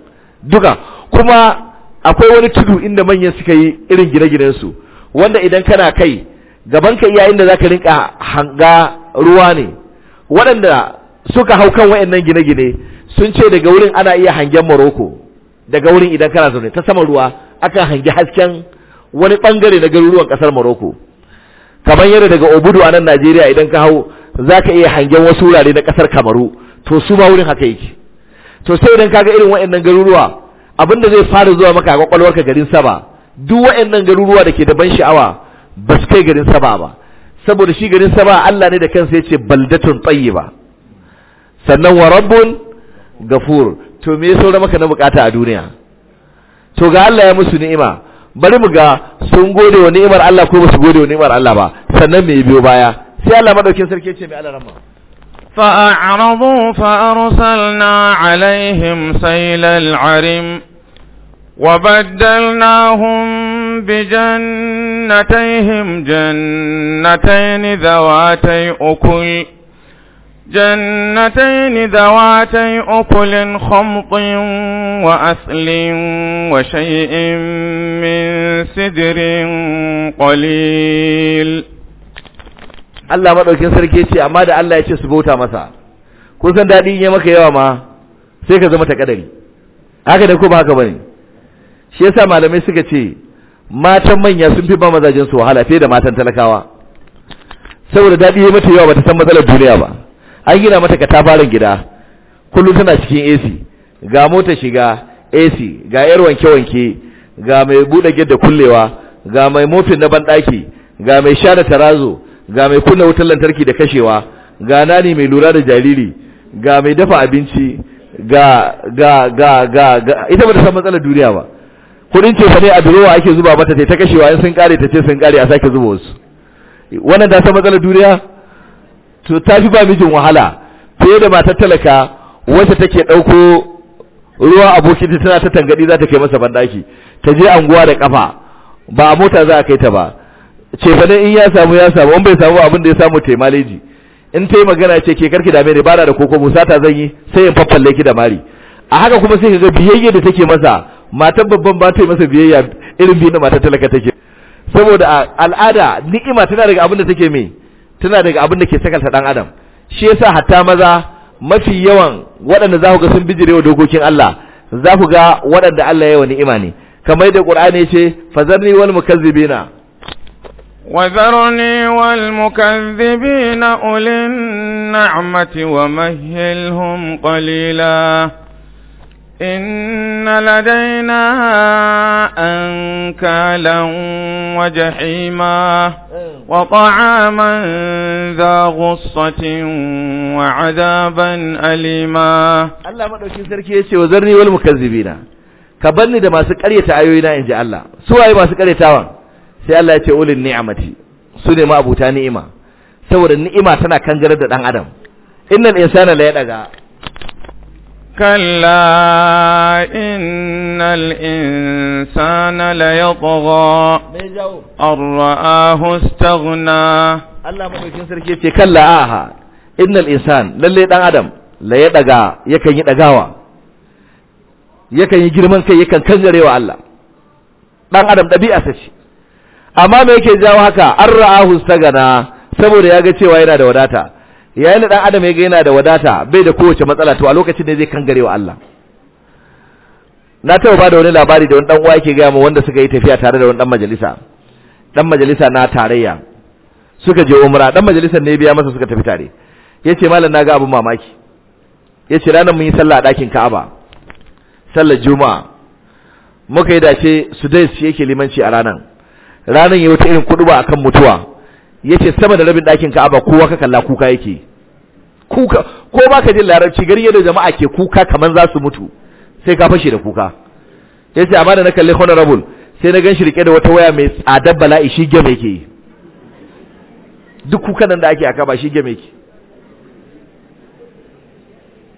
duka kuma akwai wani tudu inda manyan suka yi irin gine su wanda idan kana kai gabanka iya da za ka rinka hanga ruwa ne waɗanda suka hau kan waɗannan gine-gine sun ce daga wurin ana iya hangen maroko daga wurin idan kana zaune ta saman ruwa akan hangi hasken wani ɓangare na garuruwan ƙasar maroko kamar yadda daga obudu a nan najeriya idan ka hau za ka iya hangen wasu wurare na ƙasar kamaru to su ma wurin haka yake to sai idan kaga irin waɗannan garuruwa abinda zai fara zuwa maka a ka garin saba duk waɗannan garuruwa da ke da ban sha'awa ba su kai garin saba ba saboda shi garin saba Allah ne da kansa ya ce baldatun ba sannan wa rabbun gafur to me saura maka na bukata a duniya to ga Allah ya musu ni'ima bari mu ga sun gode wa ni'imar Allah ko su gode wa ni'imar Allah ba sannan me biyo baya sai Allah madaukin sarki ce mai Allah rahma فأعرضوا فأرسلنا عليهم سيل العرم وبدلناهم بجنتيهم جنتين ذواتي أكل جنتين ذواتي أكل خمط وأثل وشيء من سدر قليل Allah maɗaukin sarki ce amma da Allah ya ce su bauta masa kun san dadi ya maka yawa ma sai ka zama ta ƙadari, haka da ku ba haka ba ne. shi yasa malamai suka ce matan manya sun fi ba mazajen su wahala fiye da matan talakawa saboda daɗi ya mata yawa bata san matsalar duniya ba an gina mata katafaren gida kullum tana cikin AC ga mota shiga AC ga yar wanke-wanke ga mai buɗe gidda kullewa ga mai mofin na banɗaki ga mai sha da tarazo ga mai kunna wutar lantarki da kashewa ga nani mai lura da jariri ga mai dafa abinci ga ga ga ga ita ba ta san matsalar duniya ba kudin ce ne a durowa ake zuba mata ta kashewa in sun kare ta ce sun kare a sake zuba wasu wannan da ta matsalar duniya to ta fi ba mijin wahala fiye da matar talaka wacce take ɗauko ruwa ta tana ta tangadi za ta kai masa bandaki ta je anguwa da kafa ba a mota za a kai ta ba ce in ya samu ya samu in bai samu abin da ya samu taimaleji in ta yi magana ce ke karki dame ne ba da koko musa zan yi sai in faffalle ki da mari a haka kuma sai ka ga biyayye da take masa matan babban ba ta yi masa biyayya irin biyu da matar talaka take saboda al'ada ni'ima tana daga abin da take mai tana daga abin da ke sakalta dan adam shi yasa hatta maza mafi yawan waɗanda za ku ga sun bijirewa dokokin Allah za ku ga waɗanda Allah ya yi wa ni'ima ne kamar yadda Qur'ani ce fazarni wal mukazzibina وذرني والمكذبين أولي النعمة ومهلهم قليلا إن لدينا أنكالا وجحيما وطعاما ذا غصة وعذابا أليما الله ما دوشين سركي يسي وزرني والمكذبين كبني دما سكرية عيونا إن جاء الله سواء ما سكرية وان سي الله يتقول النعمة سوني ما أبو تاني إما سور النعمة تنا كنجرد الأن أدم إن الإنسان لا يدعى كلا إن الإنسان ليطغى أن رآه استغنى الله ممكن سركي في كلا آها إن الإنسان للي دان أدم لا يدغى يكن يدغاوا يكن يجرمن كي يكن كنجريوا الله دان أدم دبي sace amma me yake jawo haka استغنى ra'ahu stagana saboda دوداتا yayin da dan adam ya ga yana da wadata bai da kowace matsala to a lokacin ne zai kangare wa Allah na taɓa ba da wani labari da wani dan uwa yake gaya mu wanda suka yi tafiya tare da wani dan majalisa dan majalisa na tarayya suka je umra dan majalisar ne biya masa suka tafi tare yace malam ga abin mamaki yace ranar mun yi sallah a dakin Ka'aba sallar Juma'a muka yi dace su yake limanci a ranan ranar yayi wata irin kuduba akan mutuwa yace sama da rabin ɗakin Ka'aba kowa ka kalla kuka yake kuka ko baka jin larabci gari yadda jama'a ke kuka kaman za su mutu sai ka fashe da kuka yace amma da na kalli honorable sai na gan rike da wata waya mai tsadar bala'i shi game yake yi duk nan da ake aka ba shi game yake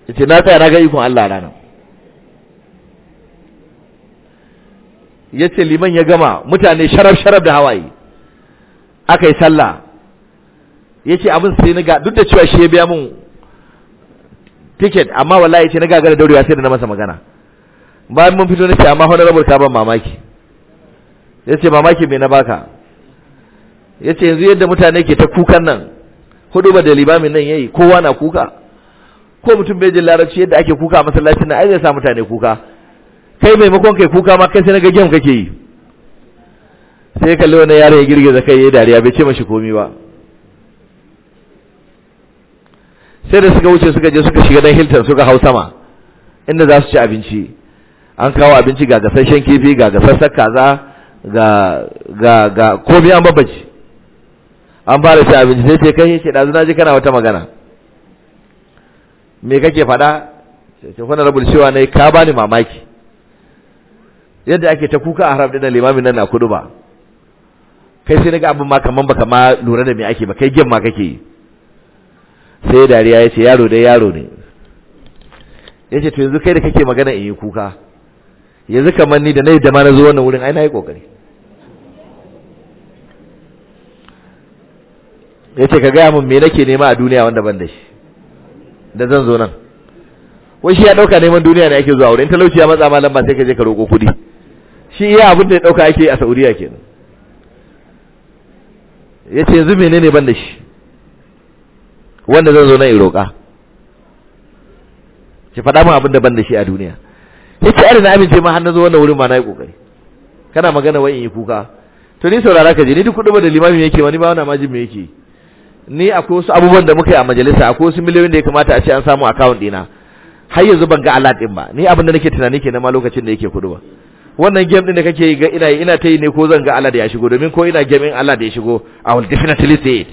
yace na tsaya na ga ikon Allah rana yace liman ya gama mutane sharaf sharaf da hawaye aka yi sallah ya ce abin sai na ga duk da cewa shi ya biya min ticket amma wallahi ya ce na gagara daurewa sai da na masa magana bayan mun fito na ce amma honorable rabar ban mamaki ya ce mamaki me na baka ya ce yanzu yadda mutane ke ta kukan nan hudu ba da limamin nan yayi kowa na kuka ko mutum bai jin larabci yadda ake kuka a masallacin nan ai zai sa mutane kuka kai maimakon kai kuka ma kai sai na ga game kake yi sai kalli wani yaron ya girgiza kai ya dariya bai ce mashi komi ba sai da suka wuce suka je suka shiga dan Hilton suka hau sama inda za su ci abinci an kawo abinci ga gasashen kifi ga gasassar kaza ga ga ga komai an babbaci an fara ci abinci sai sai kai yake dazu na ji kana wata magana me kake faɗa ce kuna rabul cewa ne ka bani mamaki yadda ake ta kuka a haram dinar limamin nan na kudu ba kai sai naga abin ma kaman baka ma lura da me ake ba kai gemma kake yi sai dariya ya ce yaro dai yaro ne ya ce to yanzu kai da kake magana in yi kuka yanzu kamar ni da na yi da ma na zo wannan wurin ai na yi kokari ya ce ka gaya min me nake nema a duniya wanda ban da shi da zan zo nan wai shi ya dauka neman duniya ne ake zuwa wurin talauci ya matsa malam ba sai ka je ka roƙo kuɗi shi iya abin da ya dauka ake a Saudiya kenan ya ce yanzu menene ban da shi wanda zan zo na yi roƙa ki faɗa min abin da ban da shi a duniya ya ce ari na amince ma har na zo wannan wurin ma na yi ƙoƙari kana magana wai in yi kuka to ni saurara ka je ni duk kuɗi da limami yake wani ba wani majin me yake ni akwai wasu abubuwan da muka yi a majalisa akwai wasu miliyoyin da ya kamata a ce an samu akawun ɗina har yanzu ban ga alaɗin ba ni abin da nake tunani kenan ma lokacin da yake kuɗi ba wannan game din da kake yi ga ina ina ta yi ne ko zan ga Allah da ya shigo domin ko ina game in Allah da ya shigo I will definitely say it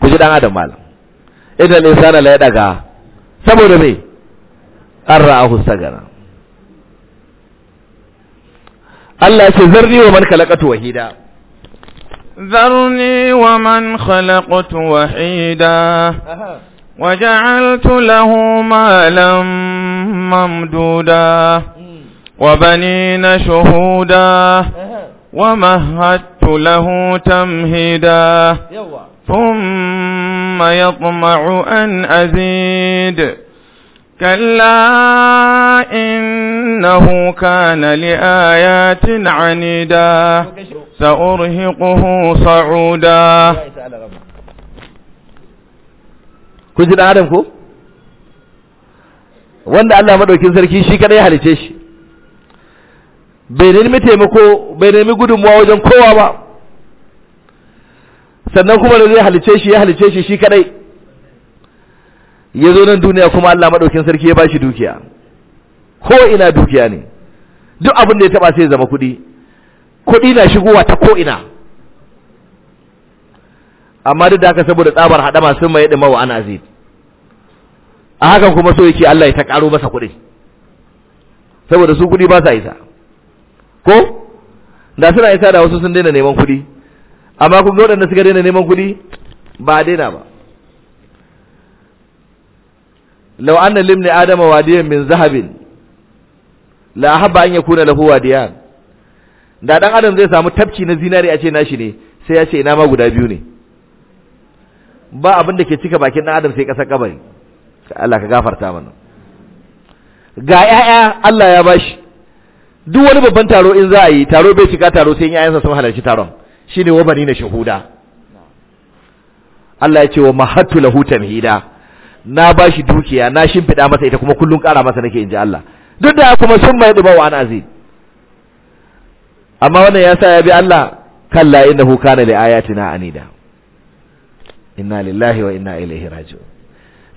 ku ji dan adam malam idan insana la ya daga saboda me an sagara Allah ya ce zarni wa man khalaqatu wahida ذرني ومن خلقت وحيدا وجعلت له مالا ممدودا وبنين شهودا ومهدت له تمهيدا ثم يطمع أن أزيد كلا إنه كان لآيات عنيدا سأرهقه صعودا كنت آدمكم wanda Allah madaukin sarki shi kadai halice shi bai nemi taimako bai nemi gudunmuwa wajen kowa ba sannan kuma da zai halice shi ya halice shi shi kadai ya zo nan duniya kuma Allah madaukin sarki ya bashi dukiya ko ina dukiya ne duk abin da ya taba sai ya zama kuɗi kuɗi na shigowa ta ko ina amma duk da haka saboda tsabar hadama sun mai dima wa ana azid a hakan kuma so yake Allah ya ta karo masa kuɗi saboda su kuɗi ba sa isa ko da suna isa da wasu sun daina neman kuɗi amma kun ga waɗanda suka daina neman kuɗi ba a daina ba law anna limni adama wadiyan min zahabin la habba an yakuna lahu wadiyan da dan adam zai samu tafki na zinari a ce nashi ne sai ya ce ina ma guda biyu ne ba abin da ke cika bakin dan adam sai kasar kabari Allah ka gafarta mana ga ƴaƴa Allah ya bashi duk wani babban taro in za a yi taro bai cika taro sai ƴaƴansa sun halarci taron shine wa bani na shahuda Allah ya ce wa mahattu lahu tamhida na bashi dukiya na shimfida masa ita kuma kullun ƙara masa nake inji Allah duk da kuma sun mai duba wa anazi amma wannan ya sa ya bi Allah kalla innahu kana li ayatina anida inna lillahi wa inna ilaihi raji'un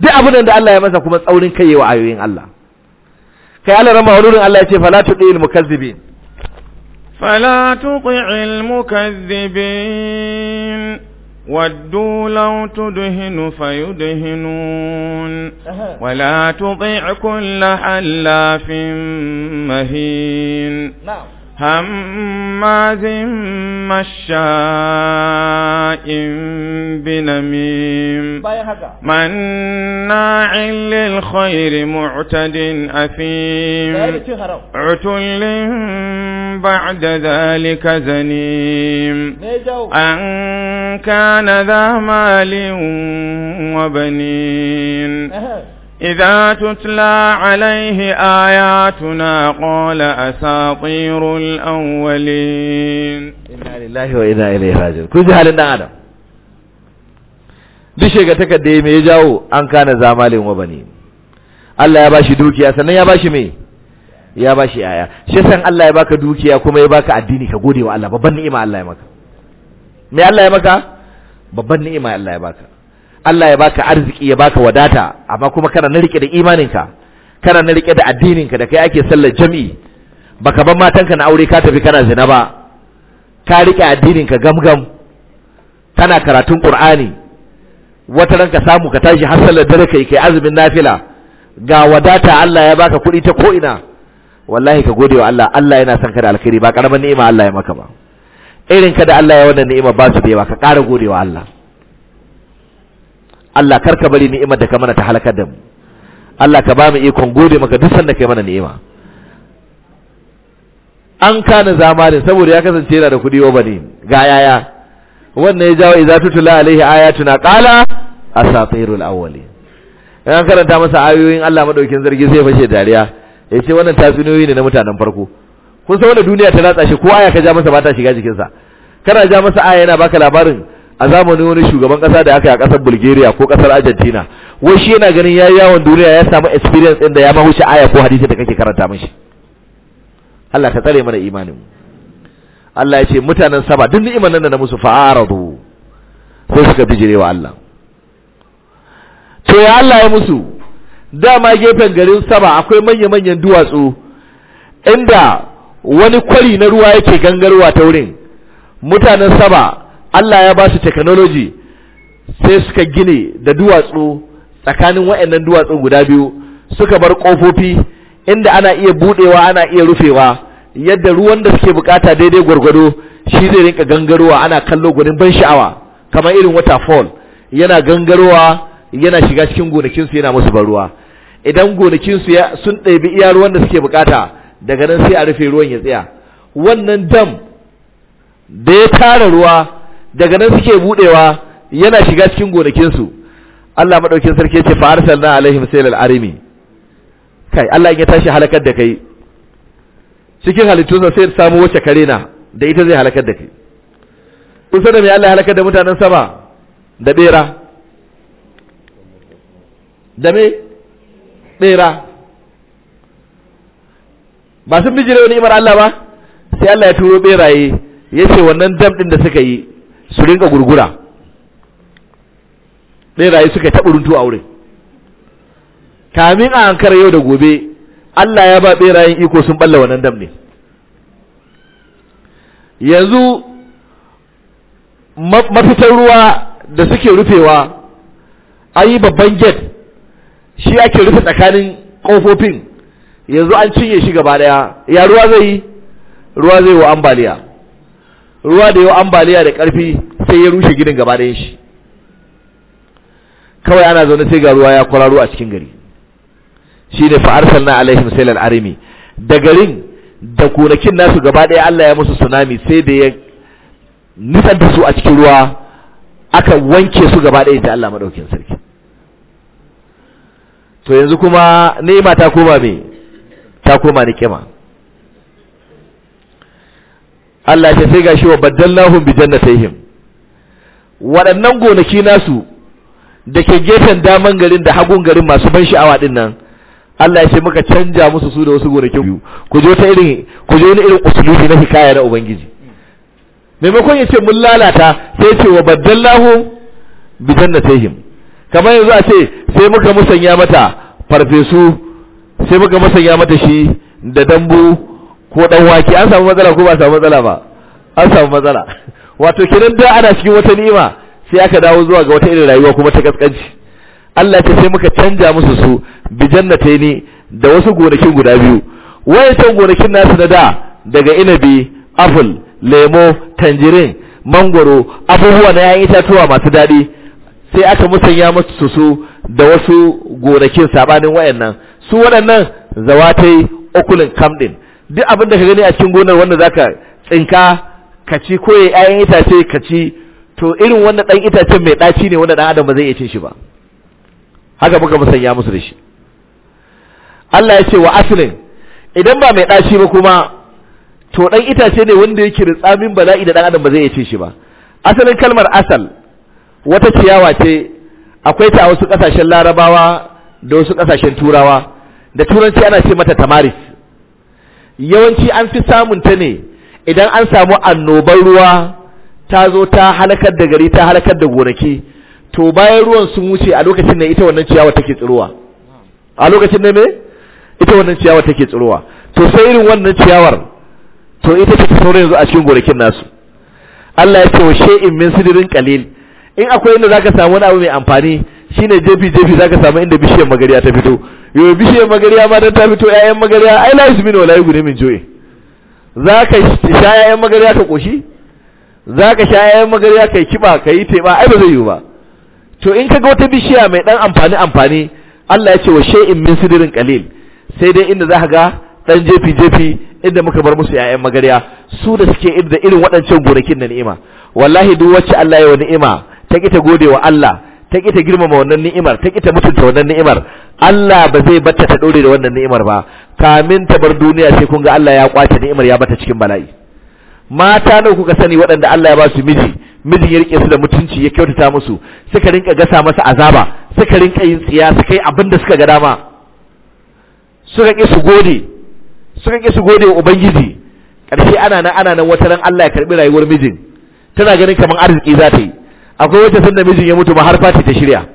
duk abin da Allah ya masa kuma tsaurin kai wa ayoyin Allah kai Allah rama wani Allah ya ce fala tuqil mukazzibin fala tuqil mukazzibin waddu law tudhinu fayudhinun wala tuti' kull halafin mahin هماز مشاء بنميم مناع للخير معتد أثيم عتل بعد ذلك زنيم أن كان ذا مال وبنين إذا تتلى عليه آياتنا قال أساطير الأولين inna lillahi wa inna ilaihi raji'un ku ji halin dan adam duk shega takarda me ya jawo an kana zamalin wa bani Allah ya bashi dukiya sannan ya bashi me ya bashi yaya shi san Allah ya baka dukiya kuma ya baka addini ka gode wa Allah babban ni'ima Allah ya maka me Allah ya maka babban ni'ima Allah ya baka Allah ya baka arziki ya baka wadata amma kuma kana na rike da imaninka kana na rike da addininka da kai ake sallar jami'i baka ban matanka na aure ka tafi kana zina ba ka riƙe addinin ka gamgam tana karatun qur'ani wata ranka samu ka tashi har sallar dare kai kai azumin nafila ga wadata Allah ya baka kuɗi ta ko'ina. wallahi ka gode wa Allah Allah yana son ka da alkhairi ba karaman ni'ima Allah ya maka ba irin ka da Allah ya wannan ni'ima ba su da yawa ka ƙara gode wa Allah Allah kar ka bari ni'imar da ka mana ta halakar da mu Allah ka ba mu ikon gode maka duk sanda kai mana ni'ima an kana zamani saboda ya kasance yana da kudi wa bani ga yaya wannan ya jawo idza tutula alaihi ayatuna qala asatirul awwali an karanta masa ayoyin Allah madaukin zargi zai fashe dariya yace wannan tatsuniyoyi ne na mutanen farko kun san wanda duniya ta latsa shi ko aya ka ja masa ba ta shiga jikinsa kana ja masa aya yana baka labarin a zamanin wani shugaban kasa da aka yi a kasar Bulgaria ko kasar Argentina wai shi yana ganin yayi yawon duniya ya samu experience din da ya mahuce aya ko hadisi da kake karanta mishi Allah ta tsare mana imanin mu Allah ya ce mutanen saba duk ni'imar nan da musu fa'aradu sai suka bijire wa Allah to ya Allah ya musu dama gefen garin saba akwai manya-manyan duwatsu inda wani kwari na ruwa yake gangarwa ta wurin mutanen saba Allah ya ba su technology sai suka gine da duwatsu tsakanin waɗannan duwatsu guda biyu suka bar ƙofofi inda ana iya budewa ana iya rufewa yadda ruwan da suke bukata daidai gwargwado shi zai rinka gangarowa ana kallo gurin ban sha'awa kamar irin waterfall yana gangarowa yana shiga cikin gonakin su yana musu ban ruwa idan gonakin su sun ɗebi iya ruwan da suke bukata daga nan sai a rufe ruwan ya tsaya wannan dam da ya tara ruwa daga nan suke budewa yana shiga cikin gonakin su Allah madaukin sarki ya ce fa arsalna alaihim saylal arimi kai Allah ya tashi halakar da kai cikin halittunsa sai samu wacce kare na da ita zai halakar da kai kusa da mai Allah ya halakar da mutanen sama da bera da me bera ba sun bijire wani imar Allah ba sai Allah ya turo beraye ya ce wannan dam din da suka yi su rinka gurgura beraye suka taɓa runtu a wurin kamin a hankara yau da gobe Allah ya ba berayen iko sun balla wannan dam ne yanzu mafitar ruwa da suke rufewa an yi babban get shi ake rufe tsakanin kofofin yanzu an cinye shi gaba daya ya ruwa zai yi ruwa zai wa ambaliya ruwa da yau ambaliya da ƙarfi sai ya rushe gidan gaba dayan shi kawai ana zaune sai ga ruwa ya kwararo a cikin gari shi ne fa arsalna alaihim sailal arimi da garin da gonakin nasu gaba ɗaya Allah ya musu tsunami sai da ya nisan da su a cikin ruwa aka wanke su gaba ɗaya da Allah maɗaukin sarki to yanzu kuma ni'ima ta koma me ta koma ni kima Allah ya sai gashi wa baddallahum bi jannatihim waɗannan gonaki nasu da ke gefen daman garin da hagun garin masu ban sha'awa din nan Allah ya ce muka canja musu su da wasu gonakin biyu ku je ta irin ku je irin usulubi na hikaya na ubangiji maimakon ya ce mun lalata sai ce wa baddallahu bi jannatihim kamar yanzu a ce sai muka musanya mata farfesu sai muka musanya mata shi da dambu ko dan wake an samu matsala ko ba samu matsala ba an samu matsala wato kenan da ana cikin wata ni'ima sai aka dawo zuwa ga wata irin rayuwa kuma ta kaskanci Allah ce sai muka canja musu su bi ni da wasu gonakin guda biyu ta gonakin nasu na da daga inabi apple lemo tangerine mangoro abubuwa na yayin itatuwa masu daɗi sai aka musanya musu su da wasu gonakin sabanin wayannan su waɗannan zawatai okulin kamdin duk abin da ka gani a cikin gonar wanda zaka tsinka ka ci ko yayin itace ka ci to irin wannan dan itacen mai ɗaci ne wanda dan adam ba zai iya cin shi ba haka muka musanya musu da shi Allah ya ce wa asalin idan ba mai ɗaci ba kuma to ɗan itace ne wanda yake da tsamin bala'i da ɗan adam ba zai iya shi ba asalin kalmar asal wata ciyawa ce akwai ta a wasu ƙasashen larabawa da wasu ƙasashen turawa da turanci ana ce mata tamaris yawanci an fi samun ta ne idan an samu annobar ruwa ta zo ta halakar da gari ta halakar da gonaki to bayan ruwan sun wuce a lokacin ne ita wannan ciyawa take tsirowa a lokacin ne me ita wannan ciyawa take tsirowa to sai irin wannan ciyawar to ita ce sauran yanzu a cikin gorakin nasu Allah ya ce wa shay'in min sidirin qalil in akwai inda zaka samu wani abu mai amfani shine jefi jefi zaka samu inda bishiyar magariya ta fito yo bishiyar magariya ma dan ta fito ƴaƴan magariya ai la yusminu wala yughni min jo'i zaka sha ƴaƴan magariya ka koshi zaka sha ƴaƴan magariya kai kiba kai teba ai ba zai yiwu ba to in kaga wata bishiya mai dan amfani amfani Allah ya ce wa shay'in min sidirin qalil sai dai inda zaka ga dan jefi jefi inda muka bar musu yayan magarya su da suke inda irin waɗancan gonakin na ni'ima wallahi duk wacce Allah ya yi wa ni'ima ta kita gode wa Allah ta kita girmama wannan ni'imar ta kita mutunta wannan ni'imar Allah ba zai bata ta dore da wannan ni'imar ba kamin ta bar duniya sai kun ga Allah ya kwace ni'imar ya bata cikin bala'i mata nawa kuka sani waɗanda Allah ya ba su miji mijin ya rike su da mutunci ya kyautata musu suka rinka gasa masa azaba suka rinka yin tsiya suka yi abin da suka ga dama suka ki su gode suka ki su gode wa ubangiji karshe ana nan ana nan wata ran Allah ya karbi rayuwar mijin tana ganin kamar arziki za ta yi akwai wata sanda mijin ya mutu ma har fati ta shirya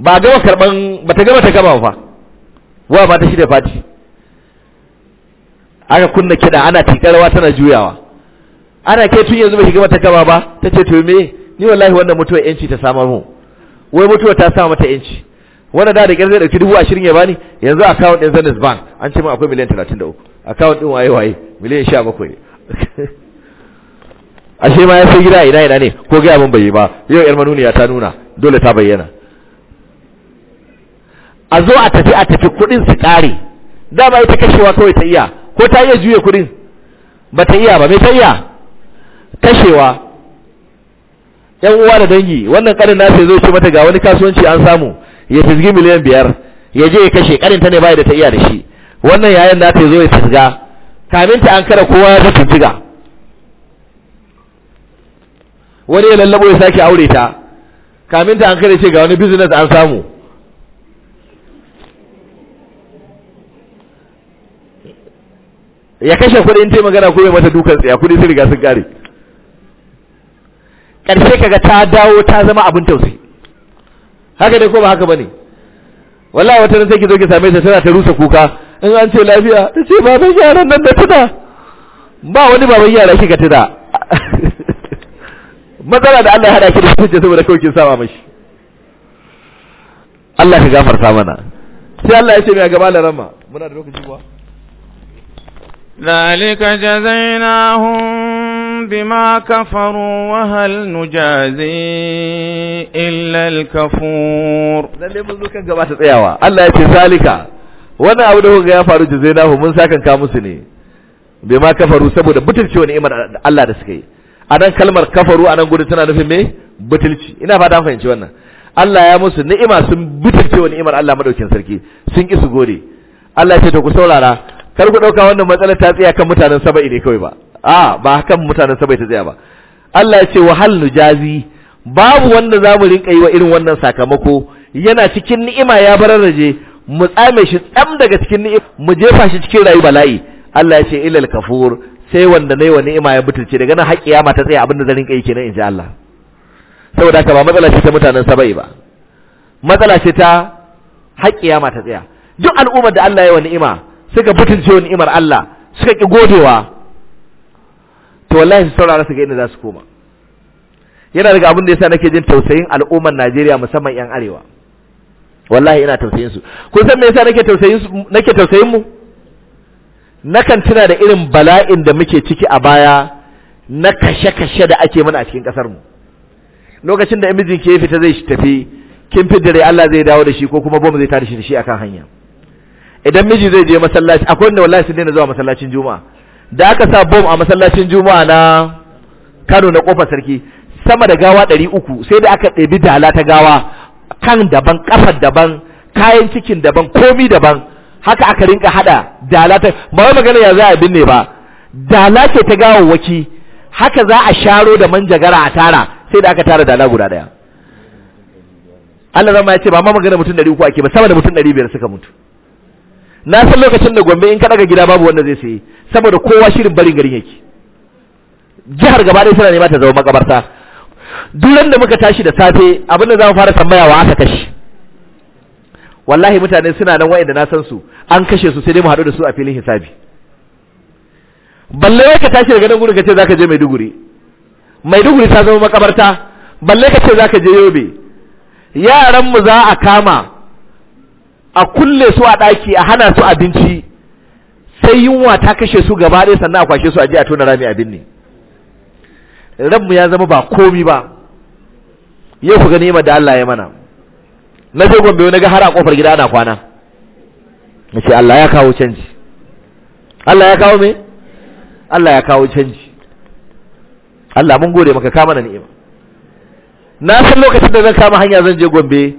ba gama karban ba ta gama ta gama ba wa ba ta shirya fati aka kunna kiɗa ana tikarwa tana juyawa ana kai tun yanzu bai gama mata gaba ba ta ce to me ni wallahi wannan mutuwar yanci ta samar mu wai mutuwar ta sa mata yanci wannan da da kyar zai dauki dubu ashirin ya bani yanzu account din Zenith Bank an ce min akwai miliyan talatin da uku account din waye waye miliyan sha bakwai [laughs] ashe ma ya sai gida ina ina ne ko ga min bai ba yau yar ya ta nuna dole ta bayyana a zo a tafi a tafi kuɗin su ƙare dama ita kashewa kawai ta iya ko ta iya juye kudin ba ta iya ba mai ta iya kashewa yan uwa da dangi wannan karin na sai zo ce mata ga wani kasuwanci an samu ya fizgi miliyan biyar ya je ya kashe karin ta ne bai da ta iya da shi wannan yayan na ta zo ya fizga kamin ta an kara kowa ya tuntuga wani ya lallabo ya sake aure ta kamin ta an kare ce ga wani business an samu ya kashe kuɗi in ta magana ko ya mata dukan tsaya kuɗi sun riga sun kare ƙarshe kaga ta dawo ta zama abin tausayi haka dai ko ba haka bane wallahi wata nan sai ki zo ki same ta tana ta rusa kuka in an ce lafiya ta ce baban yaran nan da tuna ba wani baban yara kika tuna [laughs] matsala da Allah ya hada ki da hujja saboda kawai kin saba mashi Allah ka gafarta mana sai Allah ya ce mai gaba da rama muna da lokaci kuwa ذلك جزيناهم بما كفروا وهل نجازي إلا الكفور الله mun dukan gaba ta tsayawa Allah ya ce zalika wannan abu da kuka ya faru jazainahu mun sakan ka musu ne bima kafaru saboda butulci wani imar Allah da suka yi tana nufin me wannan Allah ya musu ni'ima sun butulce wani imar Allah madaukin sarki sun isu su gode Allah ya ce to ku saurara kar ku ɗauka wannan matsalar ta tsaya kan mutanen saba'i ne kawai ba a ba kan mutanen saba'i ta tsaya ba Allah ya ce wa hal nujazi babu wanda za mu rinka yi wa irin wannan sakamako yana cikin ni'ima ya bararraje mu tsame shi tsam daga cikin ni'ima mu jefa shi cikin rayu bala'i Allah ya ce ilal kafur sai wanda nayi wa ni'ima ya butulce daga nan haƙi ya ta tsaya abinda zan rinka yi kenan insha Allah saboda haka ba matsala ce ta mutanen saba'i ba matsala ce ta haƙi ya ta tsaya duk al'ummar da Allah ya yi wa ni'ima suka butulce wa imar Allah suka ki godewa to wallahi su saurara su ga inda za su koma yana daga abin da yasa nake jin tausayin al'ummar Najeriya musamman yan arewa wallahi ina tausayin su kun san me yasa nake tausayin su nake tausayin mu nakan tuna da irin bala'in da muke ciki a baya na kashe-kashe da ake mana a cikin kasar mu lokacin da mijin ya fita zai tafi kin fidda Allah zai dawo da shi ko kuma bom zai tashi da shi akan hanya idan miji zai je masallaci akwai wanda wallahi sun daina zuwa masallacin juma'a da aka sa bom a masallacin juma'a na Kano na kofar sarki sama da gawa ɗari uku sai da aka ɗebi dala ta gawa kan daban kafar daban kayan cikin daban komi daban haka aka rinka hada dala ta ba wai magana ya za a binne ba dala ce ta waki haka za a sharo da manjagara a tara sai da aka tara dala guda daya Allah zama ya ce ba ma magana mutum ɗari uku ake ba sama da mutum biyar suka mutu na san lokacin da gombe in ka daga gida babu wanda zai saye saboda kowa shirin barin garin yake jihar gaba ɗaya suna nema ta zama makabarta duran da muka tashi da safe abinda za mu fara tambaya wa aka kashe wallahi mutane suna nan wa'anda na san su an kashe su sai dai mu haɗu da su a filin hisabi balle wai ka tashi daga nan gurin ka ce zaka je Maiduguri Maiduguri ta zama makabarta balle ka ce ka je Yobe yaran mu za a kama a kulle su a ɗaki a hana su abinci sai yunwa ta kashe su gaba ɗaya sannan a kwashe su a je a tona rami abin ne ranmu ya zama ba komi ba yau ku gani da Allah ya mana na je gombe na ga har a kofar gida ana kwana na ce Allah ya kawo canji Allah ya kawo me Allah ya kawo canji Allah mun gode maka kama na ni'ima na san lokacin da zan kama hanya zan je gombe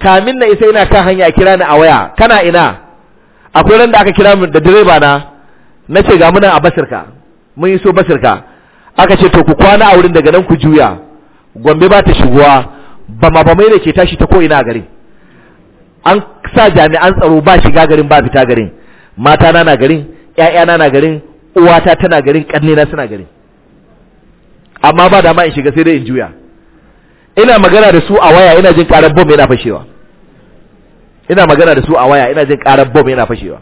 kamin na isa ina kan hanya kira ni a waya kana ina akwai ran da aka kira mu da direba na na ce ga muna a basirka mun yi so basirka aka ce to ku kwana a wurin daga nan ku juya gombe ba ta shigowa ba ma ba mai da ke tashi ta ko ina a garin an sa jami'an tsaro ba shiga garin ba fita garin mata na na garin ƴaƴa na garin uwata tana garin ƙannena suna garin amma ba da ma in shiga sai dai in juya ina magana da su a waya ina jin karar bom yana fashewa ina magana da su a waya ina jin karar bom yana fashewa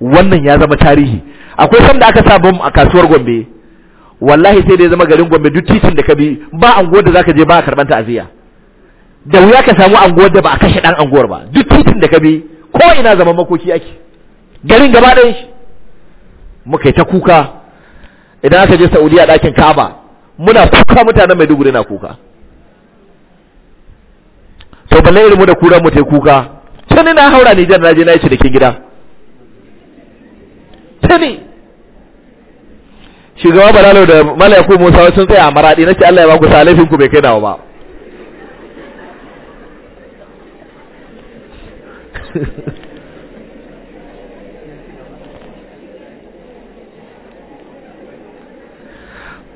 wannan ya zama tarihi akwai da aka sa bom a kasuwar Gombe wallahi sai da ya zama garin Gombe duk titin da ka bi ba anguwar da za ka je ba a karban ta'aziyya da wuya ka samu anguwar da ba a kashe dan anguwar ba duk titin da ka bi ko ina zaman makoki ake garin gaba ɗayan shi muka yi ta kuka idan aka je Saudiya ɗakin kaba. muna kuka mutanen Maiduguri na kuka to balle irin mu da kura mu tai kuka tani na haura Nijar na je na yi cinikin gida tani shugaba Balalo da Malayaku Musa sun tsaya a maradi nace Allah ya ba ku salafin ku bai kai nawa ba [laughs]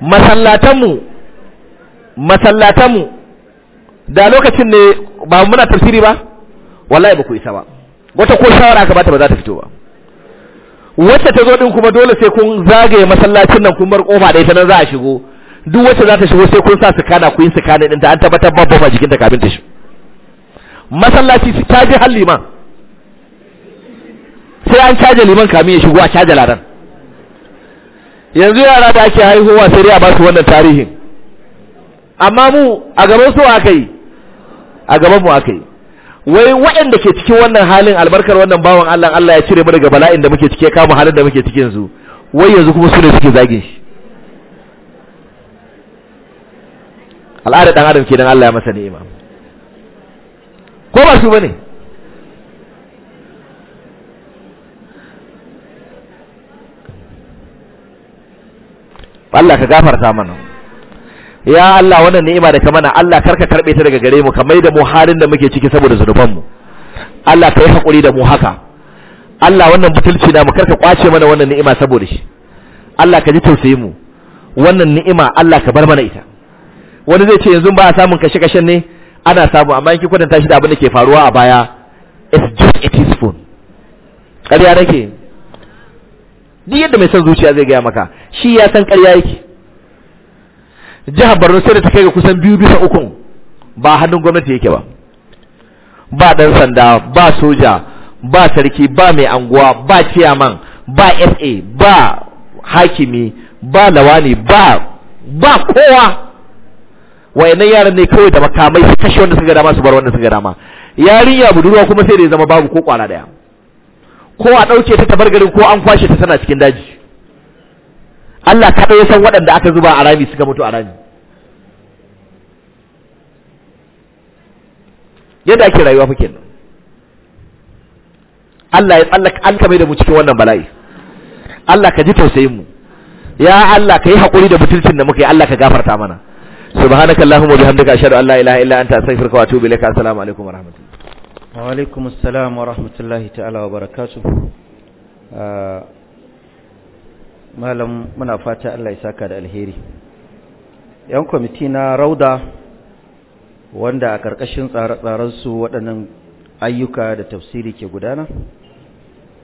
masallatanmu masallatanmu da lokacin ne ba muna tafsiri ba wallahi ba ku isa ba wata ko shawara ka bata ba za ta fito ba wacce ta zo din kuma dole sai kun zagaye masallacin nan kun bar kofa da ita nan za a shigo duk wacce za ta shigo sai kun sa su kana ku yi su din ta an tabbatar babba ma jikinta kafin ta shi masallaci su ji har liman sai an caje liman kamin ya shigo a caje ladan yanzu yara da ake haihuwa sai dai a ba su wannan tarihin amma mu a gaban su aka yi a gaban mu aka yi wai waɗanda ke cikin wannan halin albarkar wannan bawan Allah Allah ya cire mu daga bala'in da muke cike kama halin da muke cikin yanzu wai yanzu kuma su ne suke zagin shi al'ada dan adam kenan Allah ya masa ni'ima ko ba su bane Allah ka gafarta mana ya Allah wannan ni'ima da ka mana Allah karka karbe ta daga gare mu ka maida mu halin da muke ciki saboda zunuban mu Allah ka yi hakuri da mu haka Allah wannan butulci da mu karka kwace mana wannan ni'ima saboda shi Allah ka ji tausayin mu wannan ni'ima Allah ka bar mana ita wani zai ce yanzu ba a samun kashe kashen ne ana samu amma yake kwatanta shi da abin da ke faruwa a baya it's just a teaspoon kariya nake duk yadda mai san zuciya zai gaya maka shi ya san ƙarya yake jihar barno sai da ta kai ga kusan biyu bisa ukun ba hannun gwamnati yake ba ba dan sanda ba soja ba sarki ba mai anguwa ba ciyaman ba SA ba hakimi ba lawani ba ba kowa wayannan yaran ne kai da makamai su kashe wanda suka dama su bar wanda suka dama yarinya budurwa kuma sai da ya zama babu ko kwana daya ko a ɗauke ta tabar garin ko an kwashe ta tana cikin daji Allah ka ya san waɗanda aka zuba a rami suka mutu a rami yadda ake rayuwa fa kenan Allah ya tsallaka an kame da mu cikin wannan bala'i Allah ka ji tausayin mu ya Allah ka yi haƙuri da mutuncin da muka yi Allah ka gafarta mana subhanakallahumma bihamdika ashhadu an la ilaha illa anta astaghfiruka wa atubu ilaika assalamu alaikum wa rahmatullahi alaikum assalam wa rahmatullahi ta'ala wa barakatu malam muna fata Allah ya saka da alheri yan kwamiti na rauda wanda a ƙarƙashin tsare-tsarensu waɗannan ayyuka da tafsiri ke gudana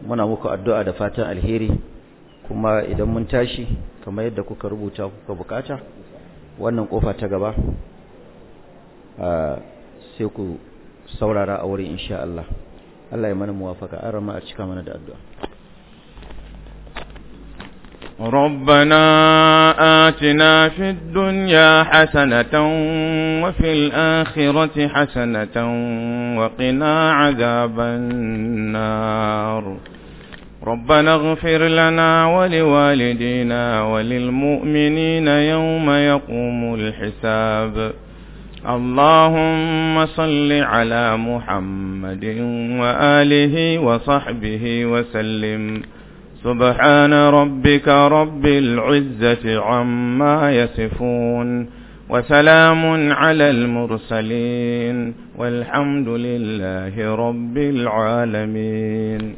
muna muku addu'a da fatan alheri kuma idan mun tashi kamar yadda kuka rubuta kuka bukata wannan kofa ta gaba sai ku saurara a wurin insha Allah Allah ya mana muwafaka an rama a cika mana da addu'a ربنا آتنا في الدنيا حسنة وفي الآخرة حسنة وقنا عذاب النار ربنا اغفر لنا ولوالدينا وللمؤمنين يوم يقوم الحساب اللهم صل على محمد وآله وصحبه وسلم سبحان ربك رب العزة عما يصفون وسلام على المرسلين والحمد لله رب العالمين